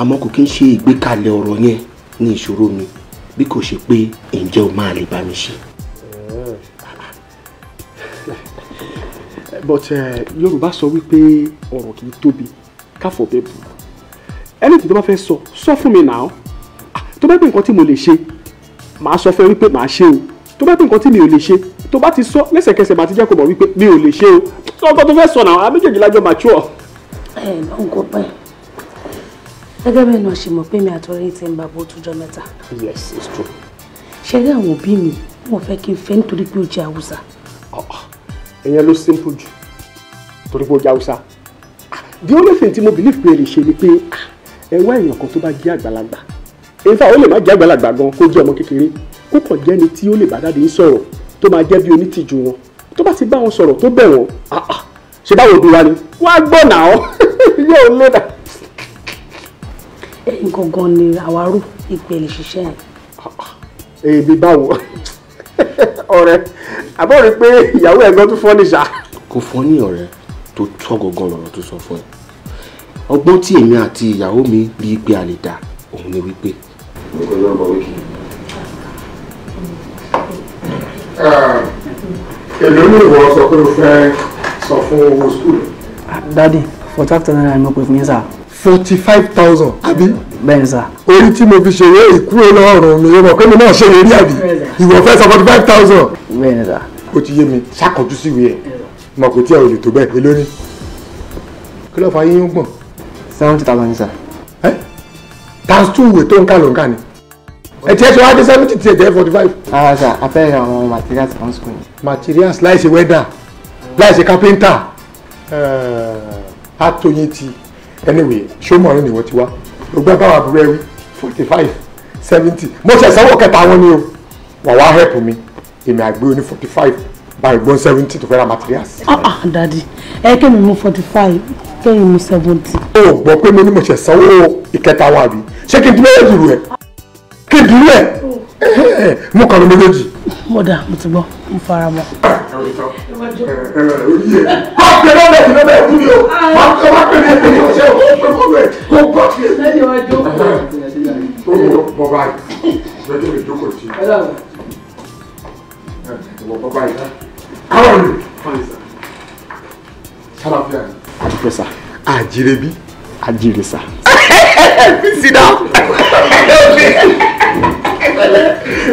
àmọ́ kò kí ń ṣe ìgbékalẹ̀ ọ̀rọ̀ yẹn ní ìṣòro mi bí kò ṣe pé ǹjẹ́ o máa lè bá mi ṣe. but eh, yorùbá sọ wípé ọ̀rọ̀ kì í tóbi káfọ̀ bẹ́ẹ̀ bù anything tó bá fẹ́ sọ sọ fún mi náà ah, tó bá pé nǹkan tí mo lè ṣe màá sọ fún wípé màá ṣe o tó bá pé nǹkan tí mi ò lè ṣe tó bá ti sọ lẹ́sẹ̀kẹsẹ̀ màá ti jẹ́ kó mọ̀ wípé mi ò lè ṣe o sọ nǹkan tó fẹ́ sọ náà àmì jòjì lájọ màá tú ọ. ẹ ẹ bá ń gẹ́gẹ́ náà ṣe mọ̀ pé mi àtọ́rẹ́ ti ń bá tójọ́ mẹ́ta. yes it's true. ṣe rí àwọn òbí mi wọn fẹ́ kí n fẹ́ nítorí pé ó jẹ́ haúsá. Ah, ìyẹn ló simple jù torí pé ó jẹ́ haúsá. Ah, the only thing tí mo believe pé lè ṣe ni pé ah, ẹ wá èèyàn kan tó bá jẹ́ àgbàlagbà in fact ó lè má jẹ́ àgbàlagbà gan kó jẹ́ ọmọ kékeré kó kàn jẹ́ ni tí ó lè bá dáadé sọ̀rọ̀ tó máa jẹ́ bí onítìjú wọn tó bá ti bá wọn sọ̀rọ̀ tó bẹ̀ wọ́n ṣe báwo dùn wa ni wọ́n á gbọ́ nà ọ́ yóò lé gangan ni àwa rò ìpele ṣiṣẹ́ yẹn. èmi báwo ọ̀rẹ́ àbọ̀ rí pé ìyàwó ẹ̀gbọ́n tún fọ́ nìṣà. kò fọ́ ní ọ̀rẹ́ tó tọ́ gangan lọ́rọ̀ tó sọ fún ẹ ọgbọ́n tí èmi àti ìyàwó mi rí i pé a lè dá òun ni wípé. mo kọ́ lọ́rọ̀ bọ̀ wíkì. Ah, ní ìwọ sọ pé o fẹ́ sọ fún owó skul. dadi four thousand naira ni mo pè fún yín sáà forty five thousand àbí. bẹ́ẹ̀ sà. orí tí mo fi ṣèwé ìkúrò lọ́rùn mi yóò mọ̀ pé mi náà ṣe eré àbí ìwọ sọ forty five thousand. bẹ́ẹ̀ sà. ó ti yé mi ṣàkójú síwèé ẹ̀ mọ̀ kò tí a ò lè tó bẹ́ẹ̀ lónìí kí ló fa yín gbọ̀n. seventy thousand sir. ẹ times two ìwé tó ń kà ló ń kà ni ẹ tiẹ̀ sọ adé seventy tiẹ̀ jẹ́ forty five. ara ah, sà afẹ́ àwọn materials kan sùn. materials láìsí wẹ́dà láìsí kápẹ́ńtà àtòyìn ti anyway ṣómọ̀rin ni wọ́n ti wá ló gbẹ́ báwa àbúrò ẹ̀rí forty five seventy mo ṣe sanwó kẹta wọn ni o wà wá help mi èmi àgbé oní forty five báyìí gbọ́n seventy to fẹ́ ra materials. ah ah dadi ẹ kí mi mú forty five kẹ́yìn mú seventy. o gbọ́ pé mo ní mo ṣe sanwó ìkẹta wọn àbí ṣé kí n dúró ẹ̀dùrú ẹ̀ kí n dúró ẹ̀ oh. mo kàn ní méjèèjì. mo dà mo ti gbọ́ mo fara mọ́ orí tán orí yẹ má pè lọ́dọ̀ ẹ̀dín lọ́dọ̀ ẹ̀dín ni o má ah. pè má pè ní ẹ̀dín ni o ṣe o pè kó rẹ̀ kó gbọ́ sí ẹ̀. lẹ́yìn ọjọ́ kò ní bọ́ báyìí lọ́jọ́ lè jókòó sí i wọ́n bọ́ báyìí káwọn ni sálàfíà ni. àjẹsà àjẹrẹbí àjẹrẹsà. sit down.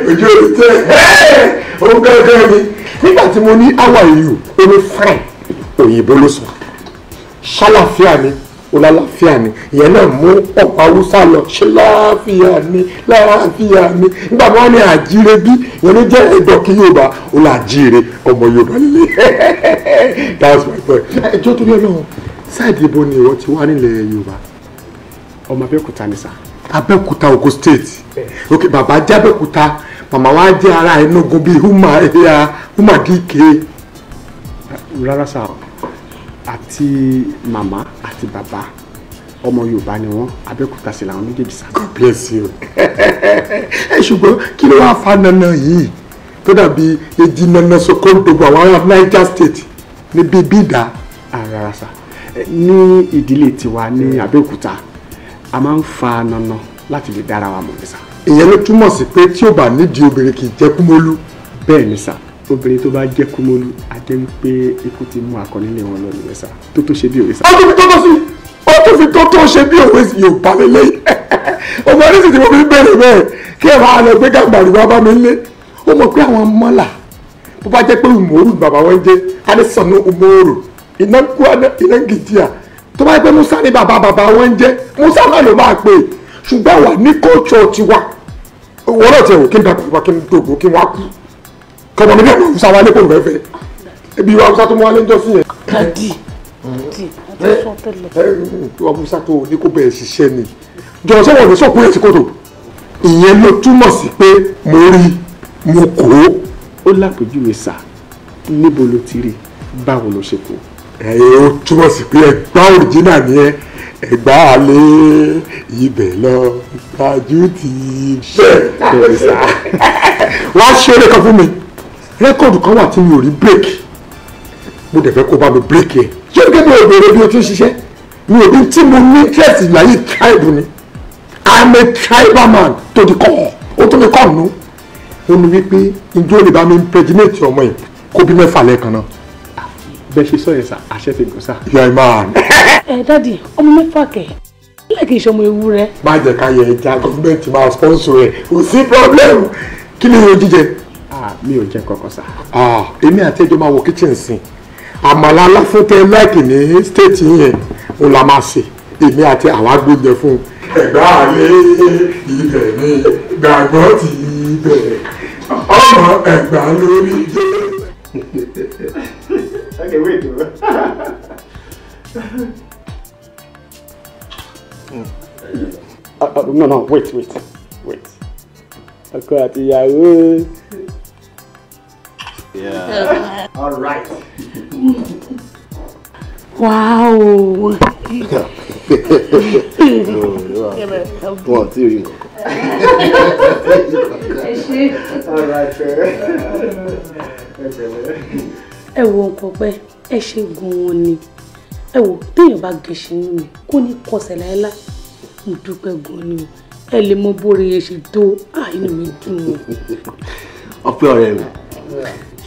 Ojú òtítẹ́ òun gẹ́gẹ́ ni nígbà tí mo ní àwọ̀ ìlú omi fine òyìnbó ló sọ ṣàlàfíà ni olálàfíà ni ìyẹn náà mú ọ̀pọ̀ haúsá lọ ṣe láàfíà ni láàfíà ni nígbà tí wọ́n ní àjíire bí ìyẹn ló jẹ́ ẹ̀dọ̀ kí yorùbá ó là jíire ọmọ yorùbá lè that's my point ẹjọ́ torí ọlọ́run sáàdì ibo ni ìwọ ti wá nílẹ̀ yorùbá ọmọ abẹ́òkúta ni sá abẹ́òkúta Ògùn state ok bàbá jábẹ́òkúta màmá wa jẹ́ ara ẹnugun bíi húmà ẹ̀yà húmà kíkè. rárá sà àti màmá àti bàbá ọmọ yorùbá ni wọn abẹ́òkúta sí làwọn méjèèjì sá. god bless you. ẹ ṣùgbọ́n kí ló wàá fa nana yìí tó dàbí èjì nana sokoto àwọn ará niger state ní bíi bídà. Ah, rárá sà ní ìdílé tiwa ní abẹ́òkúta a máa ń fa nana láti lè dára wa mọ̀ nísà ìyẹn ló túmọ̀ sí pé tí ò bá nídìí obìnrin kì í jẹ́ kúmólú. bẹ́ẹ̀ ni sà obìnrin tó bá jẹ́ kúmólú adé wípé ikú ti mú akọnilé wọn lọ nìyẹn sà tó tó ṣe bí òwe sà. ó tún fi tó tó sí ó tún fi tó tó ṣe bí òwe yorùbá lélẹ́yìn ọmọ oníṣìí tí mo fi bẹ̀rẹ̀ bẹ́ẹ̀ kí ẹ máa gbé gàgbàrú wá bá mi lé ó mọ̀ pé àwọn mọ́là bó bá jẹ́ pé umoru bàbá wọn jẹ́ adesanu umoru inaku inagijia tó bá jẹ́ pé musa ni bàbá bàbá wọn jẹ́ musa náà ló máa pè ṣùgbọ́n wà ní kóòtù ọ̀tiwa wọn náà tiẹ̀ wò kí n dàgbà wá kí n dògbò kí n wá kú kọ́mọ mi náà lọ́wọ́ sáwọn alẹ́kọ̀ọ́ rẹ̀ fẹ́ ebi wa musa tó mú alẹ́ njọ́sí yẹn. dadi di ẹ ẹ wa musa tó ní kó bẹ̀rẹ̀ ṣiṣẹ́ ni jọ̀wọ́ sọ̀rọ̀ ní sọ̀kún yẹn ti kótó ìyẹn ló túmọ̀ sí pé mo rí mo kó. ó lápèjúwe sà níbo ló ti rí báwo ló ṣe kó. ẹ ó túmọ̀ sí pé ẹgbá òrìjínà ni ẹ ẹ̀gbá alẹ́ ibẹ̀ lọ gbajú ti bẹ́ẹ̀ sá wàá ṣe eré kan fún mi rẹ́kọ̀dù kan wà tí mi ò rí Break mo dẹ̀ fẹ́ kó bá mi bírèkì ẹ̀ ṣé o gẹ́gẹ́ bí obìnrin bí o ti ń ṣiṣẹ́ mi ò ní tí mo ní tẹ̀sí láyé tribe ni i'm a tribal man tó di kọ́ ó tó mi kọ́ nù ó ní wípé njó lè bá mi impregnate ọmọ yìí kó bí mẹ́fà lẹ́ẹ̀kan náà bẹ́ẹ̀ ṣe sọ yẹn sà àṣẹ ti gùn sà. you are a man. ẹ eh, dádì ọmọ mẹ́fà kẹ̀ ilé kì í ṣe ọmọ ewúrẹ́. má jẹ́ ká yẹ ẹja gọ́ọ̀mẹ̀ntì máa sponsor ẹ̀ kò sí problem kí ni o jíjẹ. Ah, mi ò jẹ kankan sà. Ah, èmi àti ẹjọ́ máa wọ kitchen sin àmàlà aláfúntẹ́ láìkì ní stéètì yẹn òun la máa ṣe èmi àti àwa gbóúnjẹ fún un. ẹ̀gbá àlẹ́ ibẹ̀ ni gbàgbọ́ ti ibẹ̀ ọmọ ẹ̀gbá lórí jẹ́. okay, wait, bro. mm. uh, uh, no, no, wait, wait, wait. Ọkọ àti ìyàwó. Yeah. All right. wow. Come on, see you. All right, sir. Okay, ẹ wo nǹkan pẹ́ ẹ ṣe gan-an ni ẹ wo téèyàn bá gèṣì nínú mi kó ní kọsẹ̀ láéláé mo dúpẹ́ gan-an ni ẹ lè mọ bóore yẹn ṣe tó àìnú mi dùn ún. ọpẹ́ ọ̀rẹ́ mi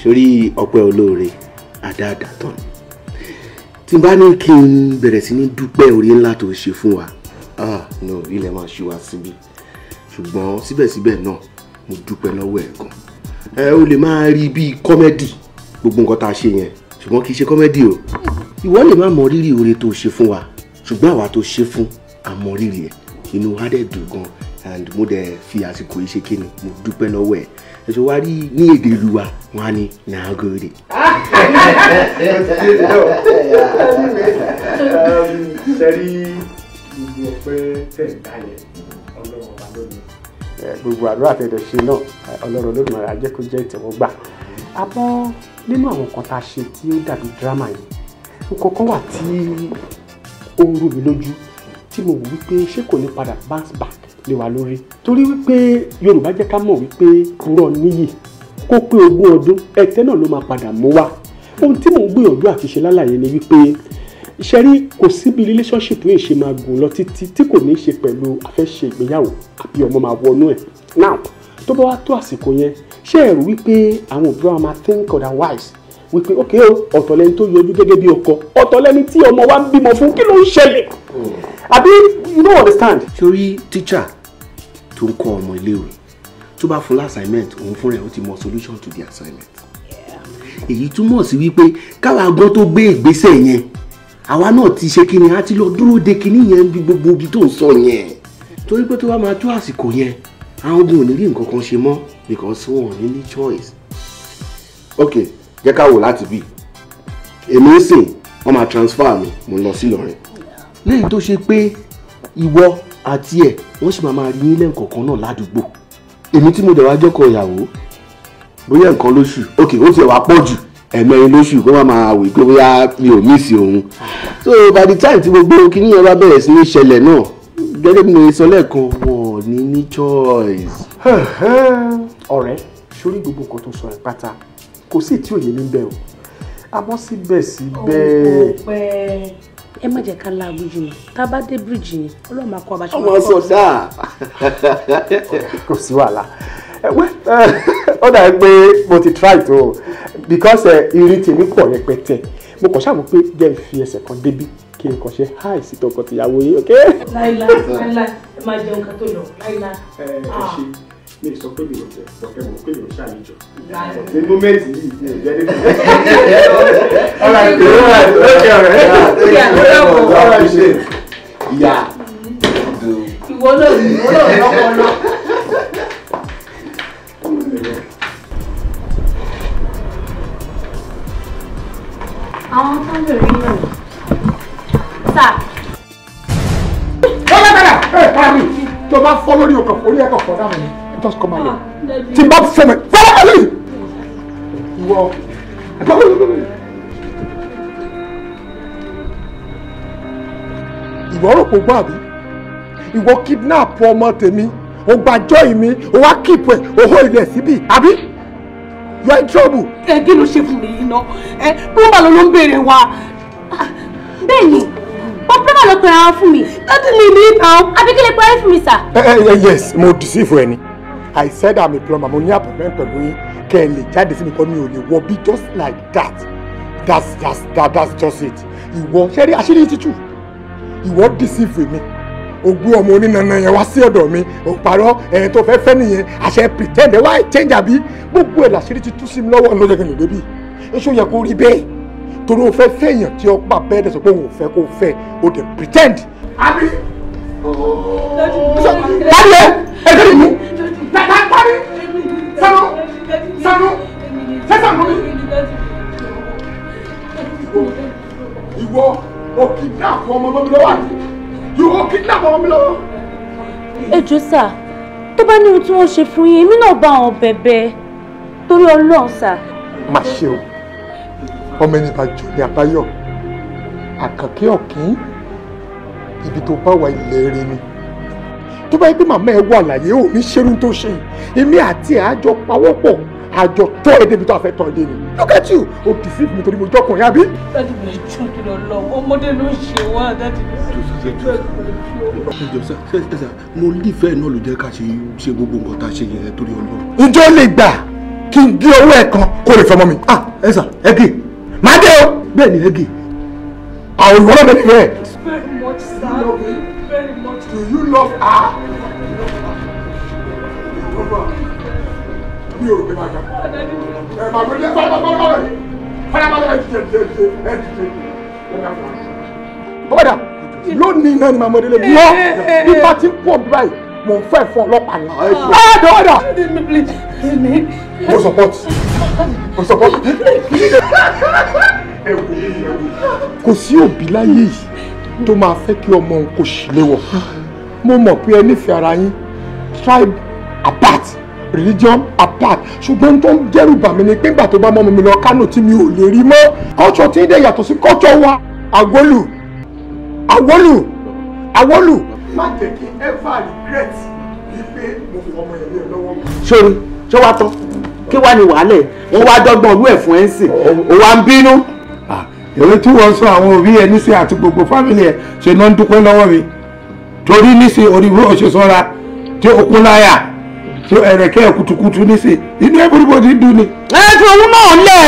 sórí ọpẹ́ olóore àdáadáa tán tí bá ní kí n bẹ̀rẹ̀ sí ní dúpẹ́ orí ńlá tó ṣe fún wa ah no ilẹ̀ máa ṣe wá síbi ṣùgbọ́n síbẹ̀síbẹ̀ náà mo dúpẹ́ lọ́wọ́ ẹ̀ gan ẹ o lè máa rí bíi kọ́mẹ́dì gbogbo nǹkan tá a ṣe yẹn ṣùgbọ́n kì í ṣe kọ́mẹ́dì o ìwọ lè má mọ rírì oore tó ṣe fún wa ṣùgbọ́n àwa tó ṣe fún àmọ́ rírì ẹ̀ inú wa dẹ̀ dùn gan and mo dẹ̀ fi àsìkò yìí ṣe kíni mo dúpẹ́ lọ́wọ́ ẹ̀ ẹ̀sùn wa rí ní èdè ìlú wa wọn á ní nàágòrè. sẹ́rí gbogbo ọpẹ́ tẹ̀ ń dá yẹn ọlọ́run ọba lónìí. gbogbo àdúrà tẹ̀dọ̀ ṣe náà ọlọ́run olódùmarè á jẹ́ kó jẹ́ ìtẹ̀wọ́gbà a bọ́ nínú àwọn nǹkan tá a ṣe tí ó dàbí dírámà yìí nǹkan kan wà tí ó ń rú mi lójú tí mo wò wípé ṣé kò ní padà bounce back lé wa lórí torí wípé Yorùbá jẹ́ ká mọ̀ wípé purọ́ níyì kó pé ogún ọdún ẹ̀tẹ́ náà ló máa padà mú wa ohun tí mò ń gbìyànjú àti ṣe lálàyé ni wípé ṣe kò síbi relationship yìí ṣe máa gùn lọ títí tí kò ní í ṣe pẹ̀lú afẹ́ṣe ìgbéyàwó àbí ọmọ máa wọnú ẹ̀ now tó bá wá tó àsìkò yẹn ṣé ẹ rò wípé àwọn òbí wa máa think otherwise wípé ok o ọ̀tọ̀ lẹni tó yọjú gẹ́gẹ́ bí ọkọ ọ̀tọ̀ lẹni tí ọmọ wa ń bímọ fún kí ló ń ṣẹlẹ̀ àbí you don't understand. sórí teacher tó ń kọ́ ọmọ iléèwé tó bá fún assignment òun fúnra ẹ̀ ó ti mọ solution to the assignment èyí túmọ̀ sí wípé káwa gan tó gbé ìgbésẹ̀ yẹn àwa náà ti ṣe kíni a ti lọ dúró de kíní yẹn bí gbogbo ibi tó ń sọ yẹn torí pé tó bá máa tó àsìkò yẹn àwọn ogun ò ní rí nǹkan kan ṣe mọ́ because wọn ò ní ní choice. ok jẹ́ ká wò láti bí èmi ń sìn wọ́n máa transfer mi mo lọ sí Ìlọrin. lẹ́yìn tó ṣe pé ìwọ àti ẹ̀ wọ́n sì máa máa rí yín lẹ́ǹkọ̀ọ̀kan náà ládùúgbò èmi tí mo dẹ̀ wá jọ́kọ̀ ìyàwó bóyá nǹkan lóṣù ok ó ti wá pọ̀ jù ẹ̀mẹ́rin lóṣù kó má máa wí pé bóyá mi ò mísì òun so by the time tí gbogbo kinní yẹn bá bẹ̀rẹ̀ sí ní ṣẹlẹ̀ náà gẹ́gẹ́ bí mo sọ lẹ́ẹ̀kan wọn ní ní choice ọ̀rẹ́ sórí gbogbo nǹkan tó sọ ẹ̀ pátá kò sí tí òye mi bẹ́ẹ̀ o àmọ́ síbẹ̀síbẹ̀. ẹ má jẹ́ ká láago jù mí tá a bá dé bíríìjì yẹn ọlọ́run máa kọ́ abáṣọ. ọmọ sọ dáa kò sí wàhálà ó dàbí pé mo ti try to because irin tèmi pọ̀ rẹpẹtẹ mo kàn ṣàmù pé jẹ́ fi ẹsẹ̀ kan débí kí n kàn ṣe háì sí tọkọtìyàwó yìí ok. láìláì láìláì ẹ máa jẹun ká tó lọ láìláì. ẹ ẹ ṣe mi sọ pé mi ò tẹ ọkẹ mọ pé mi ò ṣàlejò ní mọmẹǹtì yìí mi ò jẹ ní kùn. ọ̀rọ̀ ìpè ọ̀rọ̀ ìpè ọ̀rọ̀ ìpè ọ̀rọ̀ ìpè ìyá. ìwọ náà ìwọ náà lọ́kọ náà. àwọn tó ń bèrè yín lọ. sà. ó lọ́kàdà ẹ̀ pàmì tó bá fọ́ lórí ọkọ̀ orí ẹ̀kọ́ fọ́ dáhùn ni just come out here ah, tí n bá fẹ́ mi fẹ́rẹ́ ẹ̀lẹ́ yìí wọ ẹ̀gbọ́n mi lọ́dọ̀ gbọ́n àbí ìwọ kidnap ọmọ tèmi o gbàjọ́ ìmí o wá kíìpù ẹ̀ o hó ilẹ̀ síbí àbí you are in trouble. ẹ kí ló ṣe fún mi yìí náà ẹ plumber ló ló ń béèrè wa bẹ́ẹ̀ ni o plumber ló pera wọn fún mi lọ́dún mi ní ìtàn àbíkí lè pera fún mi sà. ẹ eh, ẹ eh, yes mo deceive ẹni. I said I'm a plumber Money ní appointment pẹ̀lú yín Kelly, ẹ lè jáde sí mi kọ́ mi just like that that's that's that, that's just it ìwọ ṣẹ́rí àṣírí títù ìwọ deceive mi o gbé ọmọ onínàna yẹn wá sí ọ̀dọ̀ mi o parọ́ ẹ̀yìn fe fe fẹ́ nìyẹn àṣẹ pretend Why wá change àbí gbogbo ẹ̀ làṣírí ti tú sí mi lọ́wọ́ lọ́jọ́ kìnìún débi èso yẹ kó rí bẹ́ẹ̀ torí o fẹ́ fẹ́ èèyàn tí ọgbà bẹ́ẹ̀ dẹ̀ sọ pé òun ò fẹ́ kó fẹ́ o dẹ̀ pretend àbí. dájú ẹ ẹ jẹ́ ìmú parí sanu sanu sẹsàn lórí. ìwọ o kidnap ọmọ ọmọ mi lọ́wọ́ àti ìwọ kidnap ọmọ mi lọ́wọ́. ejò sà tó bá ní ohun tí wọ́n ṣe fún yín tu náà bá àwọn bẹ̀bẹ̀ torí ọlọ́run sà. má ṣe o ọmọ ẹni bá jù ní àbáyọ àkànkẹ́ ọ̀kín ibi tó bá wà tó bá yẹ pé màmá ẹ wà láyé ò ní ṣerú tó ṣe èmi àti àjọ pawọ́pọ̀ àjọ tọ́ ẹ débi tó a fẹ́ tọ́ ẹ dé ni look at you o kì í sí mi torí mo jọkùnrin àbí. dáàdì mi jù kí lọ lọ ọmọdé ló ń ṣe wá dáàdì mi jù kí lọ lọ. ìjọ sá ẹsà mo nífẹ̀ẹ́ náà ló jẹ́ ká ṣe ṣe gbogbo nǹkan tá a ṣe yẹn torí Ọlọ́run. ìjọ lè gbà kí n gé owó ẹ̀ kan kó lè fẹ́ mọ́ mi. ah ẹsà ẹgì má dé o bẹ́ẹ̀ ni ẹgì àwọn olùwọ́n bẹ̀rẹ̀ rẹ̀. Do you love her? come on, rò pé máa jà. Ẹ máa gbé jẹ́ farabalẹ̀ farabalẹ̀ ẹ̀ dìde dìde dìde ẹ̀ dìde dìde. Bọ́dà lónìí náà ni màmá délé lọ eh, eh, eh, bí bá ti pọ̀ báyìí mò ń fẹ́ fún ọlọ́pàá ni. Ah, ẹ jọ ọ̀dà. Mo support. Mo support. Kò sí òbí láyé yìí tó máa fẹ́ kí ọmọ òun kò ṣílẹ̀wọ̀ mo mọ̀ pé ẹ nífẹ̀ẹ́ ara yín tribe apart religion apart ṣùgbọ́n tó ń dẹ́rù bà mí ni pé nígbà tó bá mọ́ mi lọ Kánò tí mi ò lè rí mọ́ culture tí ń dẹ̀ yàtọ̀ sí culture wa àwọlù àwọlù àwọlù. má jẹ́ kí ever regret wípé mo fi ọmọ ẹ̀mí ẹ̀ lọ́wọ́. sori ṣé wàá tán kí wàá ní wàhálẹ̀ wọ́n wá dọ́gbọ́n ọdún ẹ̀ fún ẹ̀ ń sìn òun à ń bínú. èwe tí wọ́n sọ àwọn òbí ẹ níṣẹ́ àti gbogbo fámìlì ẹ̀ ṣe náà ń dúpẹ́ lọ́wọ́ mi torí nísìn oníbó ọ̀ṣẹ̀ sọ́ra tí okun láyà tí ẹ̀rẹ̀kẹ́ kutukutu nísìn inú everybody dùn ni. ẹ fi owó náà lẹ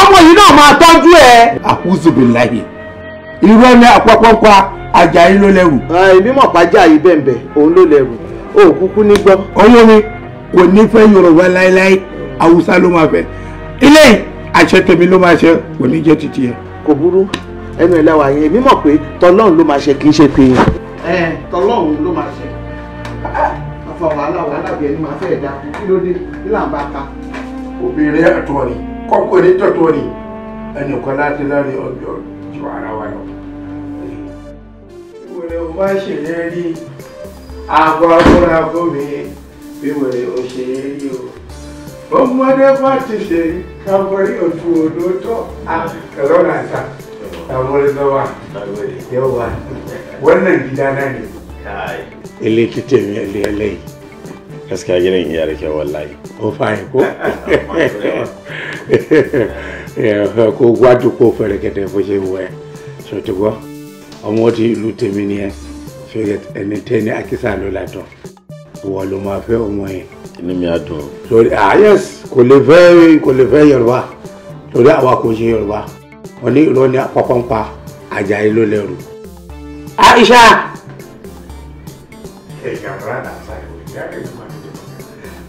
ọmọ yìí náà máa tọ́jú ẹ. àkúzùbìláyè irú ẹni àpapọ̀pọ̀ Àjàyí ló lẹ́rù. èmi mọ̀ pàjá yìí bẹ̀m̀bẹ̀ òun ló lẹ́rù òun kúkú ní gbọ́. olórin kò ní fẹ́ Yorùbá láéláé Haúsá ló máa fẹ́ ilé àṣẹ tèmi ló máa ṣe kò ní jẹ́ títí ẹ. kò burú ẹnu ẹ̀ lẹ́wà yẹn èmi pé tọ́lọ́run ló máa ṣe kì í ṣe pé tọlọ́hún ló máa ṣe afa wàhálà wàhálà bí ẹni máa fẹ́ dá kí ló dé kí là ń bá ka. obìnrin ẹ̀tọ́ ni kọ́kọ́ ní tọ́tọ́ ni ẹnìkan láti láàrin ọjọ́ ju ara wa lọ. ìwòrè ò bá ṣèlérí àbọ̀ afúnra gómi ìwòrè ò ṣèlérí o ọmọdé bá ti ṣe kábọ̀rí ojú odò tó àrọ́nà àṣà àwọn olùdọ́wà yóò wà wannan gida na ne ile ki ce mai ile ile gaskiya gidan iya da kyau wallahi ko fahim ko ko gwadu ko fere ka da fashe waya so ti go on wati ilu temini ya so ya ene teni akisa lo la to wo lo ma fe o mo yin ni mi adun so ah yes kò lè fẹ́ kò lè fẹ́ Yorùbá torí àwa kò ṣe Yorùbá oni ro ni apapanpa Àjàyí ló lẹ́rù Aisha!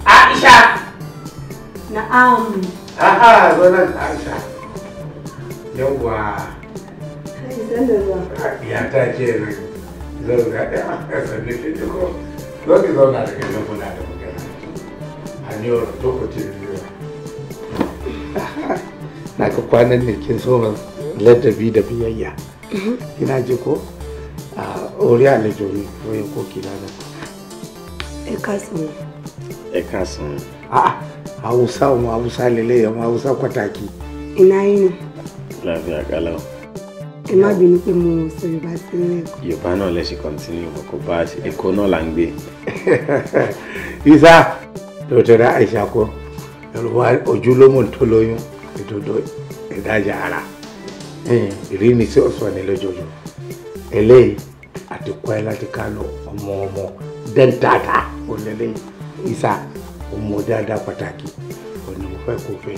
Aisha! Na'am. Aha, zo nan Aisha. Yawwa. Ya ta ce nan zauna da aka sanni ki duko. Zo ki zauna da kai muna da magana. Hanyar lokacin Na ka kwanan ne kin so ladabi da biyayya. Mhm. Kina ji ko? orí àlejò ni ó yẹ kó kí dáadáa. ẹ káàsán. ẹ káàsán. haúsá ọmọ haúsá lélẹ̀ ọmọ haúsá pàtàkì. iná yín ni. láàfin àgálà o. ẹ má bínú pé mo sọ yorùbá sílẹ̀. yorùbá náà lè ṣe kọ́ntínú kò bá èkó náà là ń gbé. isa dọ̀tẹ̀rẹ̀ àìsàn kọ yorùbá ojúlómọ̀ tó lóyún ìdodo ìdájà ara ìrírí ni sí ọ̀sán ni lójoojúmọ́ eléyìí àti kwaya láti kánò ọmọ ọmọ dẹ́ntàdà olélẹ́yìn isa ọmọ dáadáa pàtàkì ọ̀nà mo fẹ́ kó fẹ́.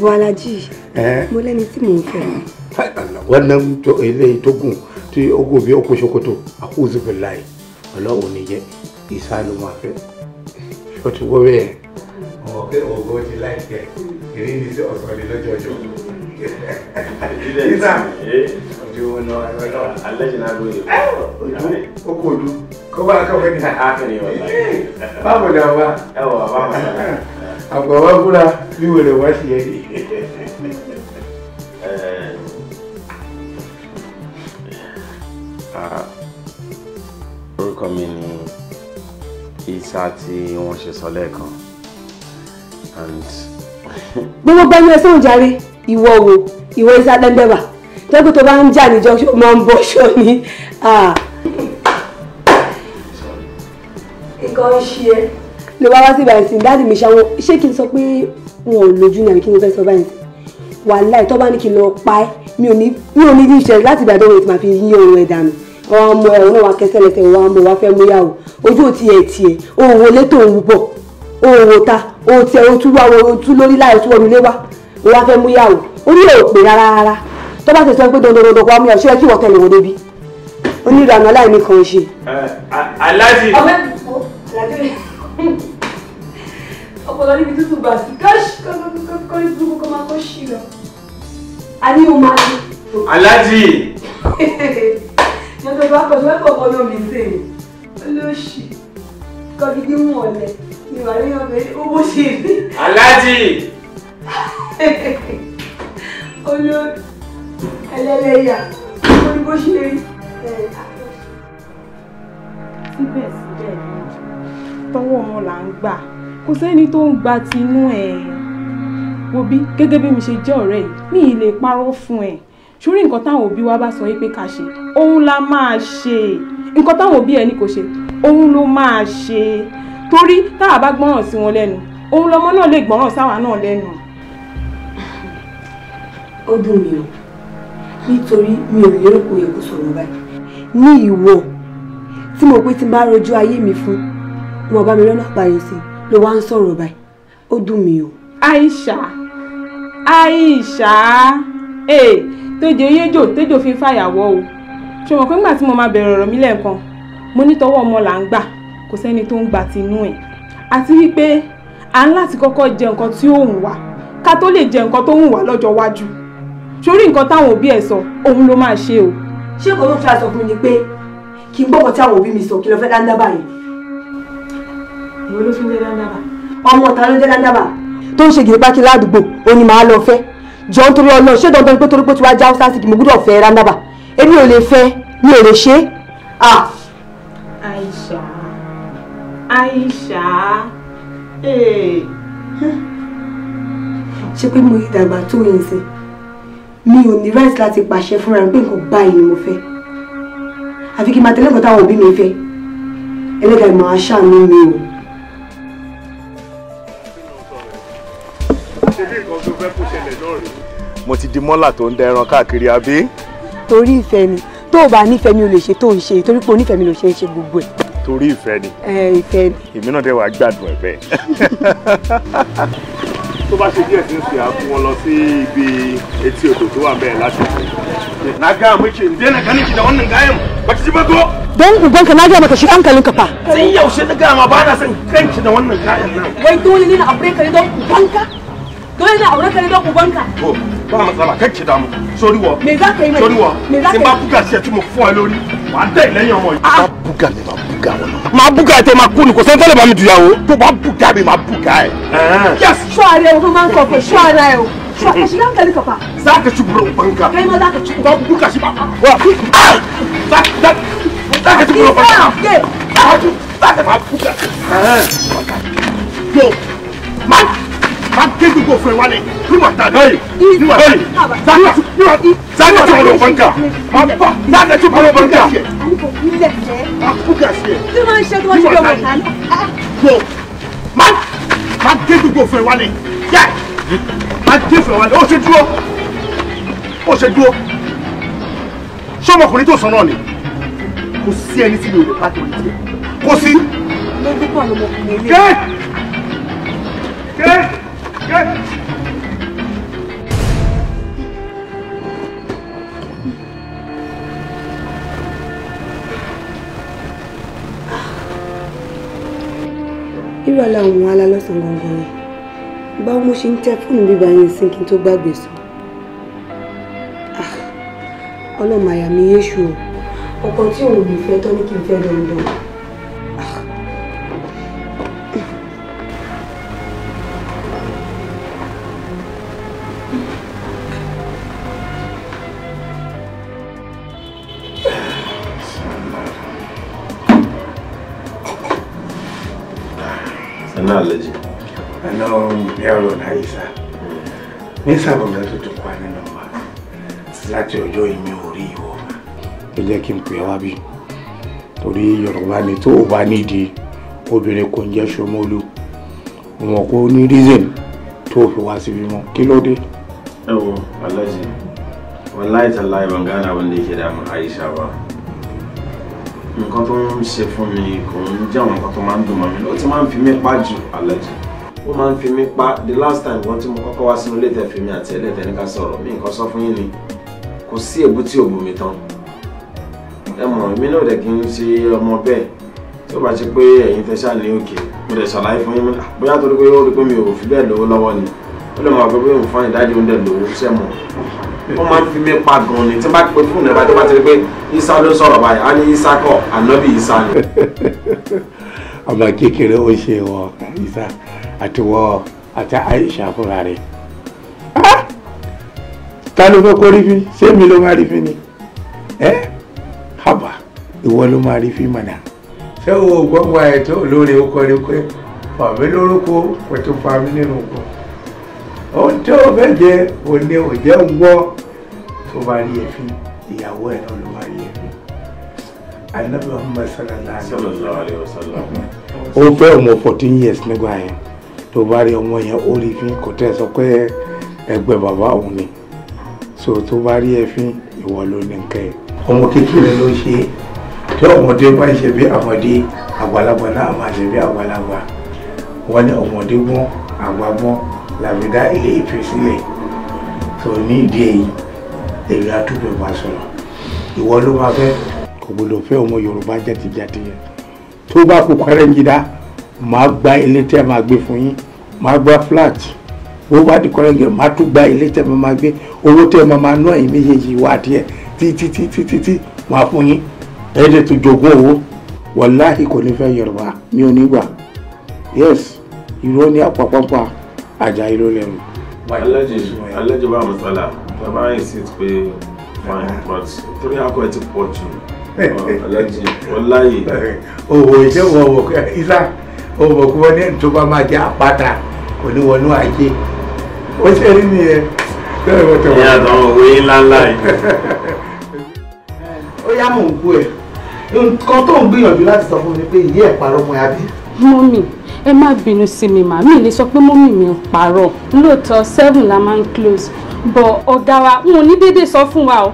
Bọ́lájí mo lẹ́ni tí mò ń fẹ́. wọ́n ná eléyìí tó gùn tí ó gùn bí ọkọ̀ ṣòkòtò àkóso fẹ́ láì ọlọ́run ní jẹ́ isa ló máa fẹ́ ṣọ́ọ̀tì wọ́wẹ́ ẹ̀. ọ̀gá ọ̀gá ti láì jẹ́ èyí ni sí ọ̀sán ni lọ́jọ́ ìdílé ọjọ́ wọn náà ẹ̀rọ náà alẹ́jì náà lóye ojú ó kò ojú kó bá wa fúnra bí wèrè orúkọ mi ni isa tí wọ́n ṣe sọ lẹ́ẹ̀kan and. gbogbo gbẹ́yìn ẹsẹ̀ òjàre ìwọ wo ìwọ isa dẹ́ndẹ́bà tẹ́kù tó bá ń jà níjọ́ ṣó máa ń bọ́ ṣọ́ ni. nǹkan ń ṣe é. ló bá wá sí ìbàdàn sí dáàdì mi ṣàwọn ṣé kí n sọ pé wọn ò lójú ni àbí kí n fẹ́ sọ báyìí wàláì tó bá ní kí n lọ pa ẹ́ mi ò ní ní ìṣẹ̀lẹ̀ láti ìbàdàn òye tí màá fi yí òun ẹ̀ dànù àwọn ọmọ ẹ̀ náà wà kẹsẹ̀ lẹ́sẹ̀ wà á mọ̀ wá fẹ́ múyàwó ojú ò tiẹ̀ tiẹ̀ òun wọlé tó ń wù bọ̀ òun wò ta òun tiẹ̀ òun tún wá òun tún lórí láì tún wọnú lé wá o wá fẹ́ mú yàwó orí ò pè rárá rárá tó bá ti sọ pé dandan dandan kó mú yàwó ṣé kí wọ́n tẹ̀lé wọn débi onírànà aláìní kan ṣe. Eh, aláàjì. ọpọlọ níbi tútù gbà sí kọ́rí burúkú kọ́ máa kọ́ sí lọ. a o máa ní. aláàjì. yọ̀dọ̀ bá kọ̀ sí wẹ́pọ̀ kan lómi ṣe olóṣì kọ́ gidi mú ọ̀lẹ́ ìwà ríyàn pé owó ṣe é. aláàjì. olórí ẹlẹ́lẹ́yà ó ní bó ṣe rí. síbẹ̀síbẹ̀ tọwọ́ wọn là ń gbà kò sẹ́ni tó ń gba tinú ẹ̀ wo bí gẹ́gẹ́ bí mi ṣe jẹ́ ọ̀rẹ́ yìí mi ì lè parọ́ fún ẹ̀ sórí nǹkan táwọn òbí wa bá sọ yìí pé ká ṣe òun la máa ṣe nǹkan táwọn òbí ẹ ní kò ṣe òun ló máa ṣe torí tá a bá gbọ́ràn sí wọn lẹ́nu òun lọmọ náà lè gbọ́ràn sáwa náà lẹ́nu ó dùn mí o nítorí mi ò lérò pé òye kò sọ̀rọ̀ báyìí. ní ìwọ tí mo pé tí n rojú ayé mi fún wọn bá mi lọ́nà pààyàn sí ló wá ń sọ̀rọ̀ báyìí ó dùn mí o. Aisha Aisha ee eh, tẹjọ yéjò tẹjọ fi fàyàwọ o ṣùgbọ́n pé ńgbà tí mo máa bẹ̀rẹ̀ ọ̀rọ̀ mi lẹ́ẹ̀kan mo ní tọwọ́ ọmọ là ń gbà kò sẹ́ni tó ń gbà tinú ẹ̀ àti wípé à ń láti kọ́kọ́ jẹ nǹkan tí ó wù wá ká tó lè jẹ nǹkan tó wù wá lọ́jọ́ iwájú sórí nǹkan táwọn òbí ẹ̀ sọ òun ló máa ṣe o. ṣé kò ló fẹ́ sọ fún mi pé kí n gbọ́kàn tí àwọn òbí mi sọ kí lọ fẹ́ dáńdábà yìí. ìwọ ló tún jẹ́ dáńdábà. ọmọ ọ̀tá ló jẹ́ dáńdábà. tó ń ṣe gìrìpákí ládùúgbò ó ní màá lọ fẹ́ jọ ń torí ọlọ́run ṣé dandan pé torí pé tí wàá já ọ́sán sí kí mo gbúdọ̀ fẹ́ ráńdábà èmi ò lè fẹ́ mi ò lè ṣe é. Aisha Aisha eh. ṣé pé mo rí ìdàgbà tó yẹn sẹ́yìn mi ò ní right láti pàṣẹ fúnra mi pé nǹkan báyìí ni mo fẹ́ àfi kí n máa tẹ̀lé nǹkan táwọn òbí mi fẹ́ ẹlẹ́gàá ìmọ̀ aṣáánú mi o. mo ti di mọ́là tó ń da ẹran káàkiri àbí. torí ìfẹ́ ni tó o bá nífẹ̀ẹ́ mi ò lè ṣe tó ń ṣe torí pé onífẹ̀ẹ́ mi ló ṣe ń ṣe gbogbo ẹ̀. torí ìfẹ́ ni. ẹ ìfẹ́ ni. èmi náà wàá gbádùn ẹ̀ bẹ́ẹ̀. tó bá ṣe díẹ̀ tí ń ṣe àfún wọn lọ sí ibi etí odò tó wà bẹ́ẹ̀ láti na ga da don na maka shi hankalinka fa sai yaushe na ga ma ba na son kanki da wannan gayan nan wai dole ne na aure ka don ubanka dole na aure ka ne don ubanka to ba matsala kar ki damu sori wo me za ka yi mai sori wo sin ah! ba buga si ti mo fún ẹ lórí wa da ile yan mo yi ma buga mi ma buga wọn ma buga te ma kunu ko sen tele ba mi duyawo tó bá buga e. eh. mi mm-hmm. ma buga ẹ yes so o ma ko ko so ara ẹ o so ka shi hankali ka fa máa gé gbogbo òfin wálé níwà tàbí níwà tàbí sáyẹn tí wọn bọ̀ nǹkan máa bá sáyẹn tí wọn bọ̀ nǹkan. kí ló ń ṣe tí wọ́n ṣe ọmọ kan. máa gé gbogbo òfin wálé máa gé òfin wálé ó ṣe dúró ó ṣe dúró ṣé ọmọkùnrin tó sọ náà ni kò sí ẹni tí mi ò lè bá tẹ̀lé tiẹ̀ kò sí. lọ́dún pọ̀ lọmọkùnrin yẹn. ké ké irú ala òun ala lọ́sàn gangan ni báwo mo ṣe ń tẹ fóònù bíbá yẹn sí kí n tó gbàgbé sọ ah, ọlọ́mọ mi yéṣu o ọkọ tí òun ò lè fẹ́ tọ́ ní kí n fẹ́ dandan. tó o bá nídìí obìnrin kò ń jẹ́ Ṣómólú wọn kò ní reason tó o fi wá síbi mọ́ kí ló dé. ẹ wo aláàjì wàláì tàláì ban gane abin da yake damun Aisha ba nǹkan tó ń ṣe fún mi kò ń jẹ́ àwọn nǹkan tó máa ń dùn mọ́ mi ó ti máa ń fi mí pa jù aláàjì ó máa ń fi mí pa the last time wọn tí mo kọ́kọ́ wá sínú ilé tẹ̀fẹ̀ mi àti ẹlẹ́tẹ̀ ní ká sọ̀rọ̀ mi nǹkan sọ fún yín ni kò sí èbú tí ò bù mí tán ẹ mọ̀ èmi náà dẹ̀ kí n ṣe ọmọ bẹ́ẹ̀ tí ó bá ṣe pé ẹ̀yin tẹ ṣáàlì òkè mo lè ṣàlàyé fún yín bóyá torí pé ó rí pé mi ò fi bẹ́ẹ̀ lówó lọ́wọ́ ni ó lè máa gbé pé òun fáyìn dájú oúnjẹ lówó ṣẹ́ mọ̀ ó máa ń fi mí pa gan ni tí bá pe fóònù ẹ̀bá tó bá ti rí pé isa ló sọ̀rọ̀ báyìí á ní isa kọ̀ ànábì isa ni. ọmọ kékeré ó ṣe wọ isa àti wọ àti Aisha fúnra rẹ̀ ah! ta ló fẹ́ kó rí fi ṣé mi ló máa rí fi ni ẹ́ haba ìwọ ló máa rí fi mọ̀nà. ṣé o gbọ́ngbà ẹ̀ tó lórí o ni pé fàmí lórúkọ kò nínú nǹkan ohun tí o fẹ́ jẹ òní òjẹ́ ń tó bá rí ẹ̀fín ìyàwó ẹ̀ náà ló bá rí ẹ̀fín anabi muhammad sallallahu alayhi ó fẹ́ ọmọ fourteen years nígbà yẹn tó bá rí ọmọ so tó bá rí ìwọ ló ní nǹkan tí ọmọdé bá ṣe bí ọmọdé àgbàlagbà náà máa ṣe bí àgbàlagbà wọ́n ní ọmọdé gbọ́n àgbà gbọ́n làbí dá ilé ìfẹ́ sílẹ̀ tó ní ìdí èyí èyí àtúbẹ̀ máa sọ̀rọ̀ ìwọ ló máa fẹ́ kò gbọdọ̀ fẹ́ ọmọ Yorùbá jàtìjàtì yẹn tó bá kú Kwẹ́rẹ́ngídá máa gba ilé tẹ́ máa gbé fún yín máa gba flat bó bá di Kwẹ́rẹ́ngídá máa tún gba ilé tẹ́ máa gbé owó tẹ́ máa máa ná ẹ̀yìn méjèèjì wá díẹ̀ títí títí títí máa fún yín. ẹ̀ẹ́dẹ̀ tó jogún owó wàláhì kò ní fẹ́ yorùbá ní onígbà yes irọ́ ní àpapọ̀pọ̀ àjà irọ́ lẹ́nu. alájẹ alájẹ bá wọn sọlá bàbá yìí sì ti pé fine but torí akọ ẹ ti pọ̀ jù alájẹ ọláyè. òwò ìṣèwọ̀ òwò ìlà òwò kí wọ́n ní tó bá máa jẹ́ àpáta kò ní wọnú ajé ó ṣe rí nìyẹn. ìyá àtàwọn òwe ńláńlá yìí. ó yá mò ń kú ẹ̀. nǹkan tó ń gbìyànjú láti sọ fún mi pé ìyé ẹ̀ parọ́ mọ́ àbí. mọ́mì ẹ má bínú sí mi màmí lè sọ pé mọ́mì mi ń parọ́ lóòótọ́ seven la máa ń close bọ̀ ọ̀gá wa wọn ò ní dédé sọ fún wa o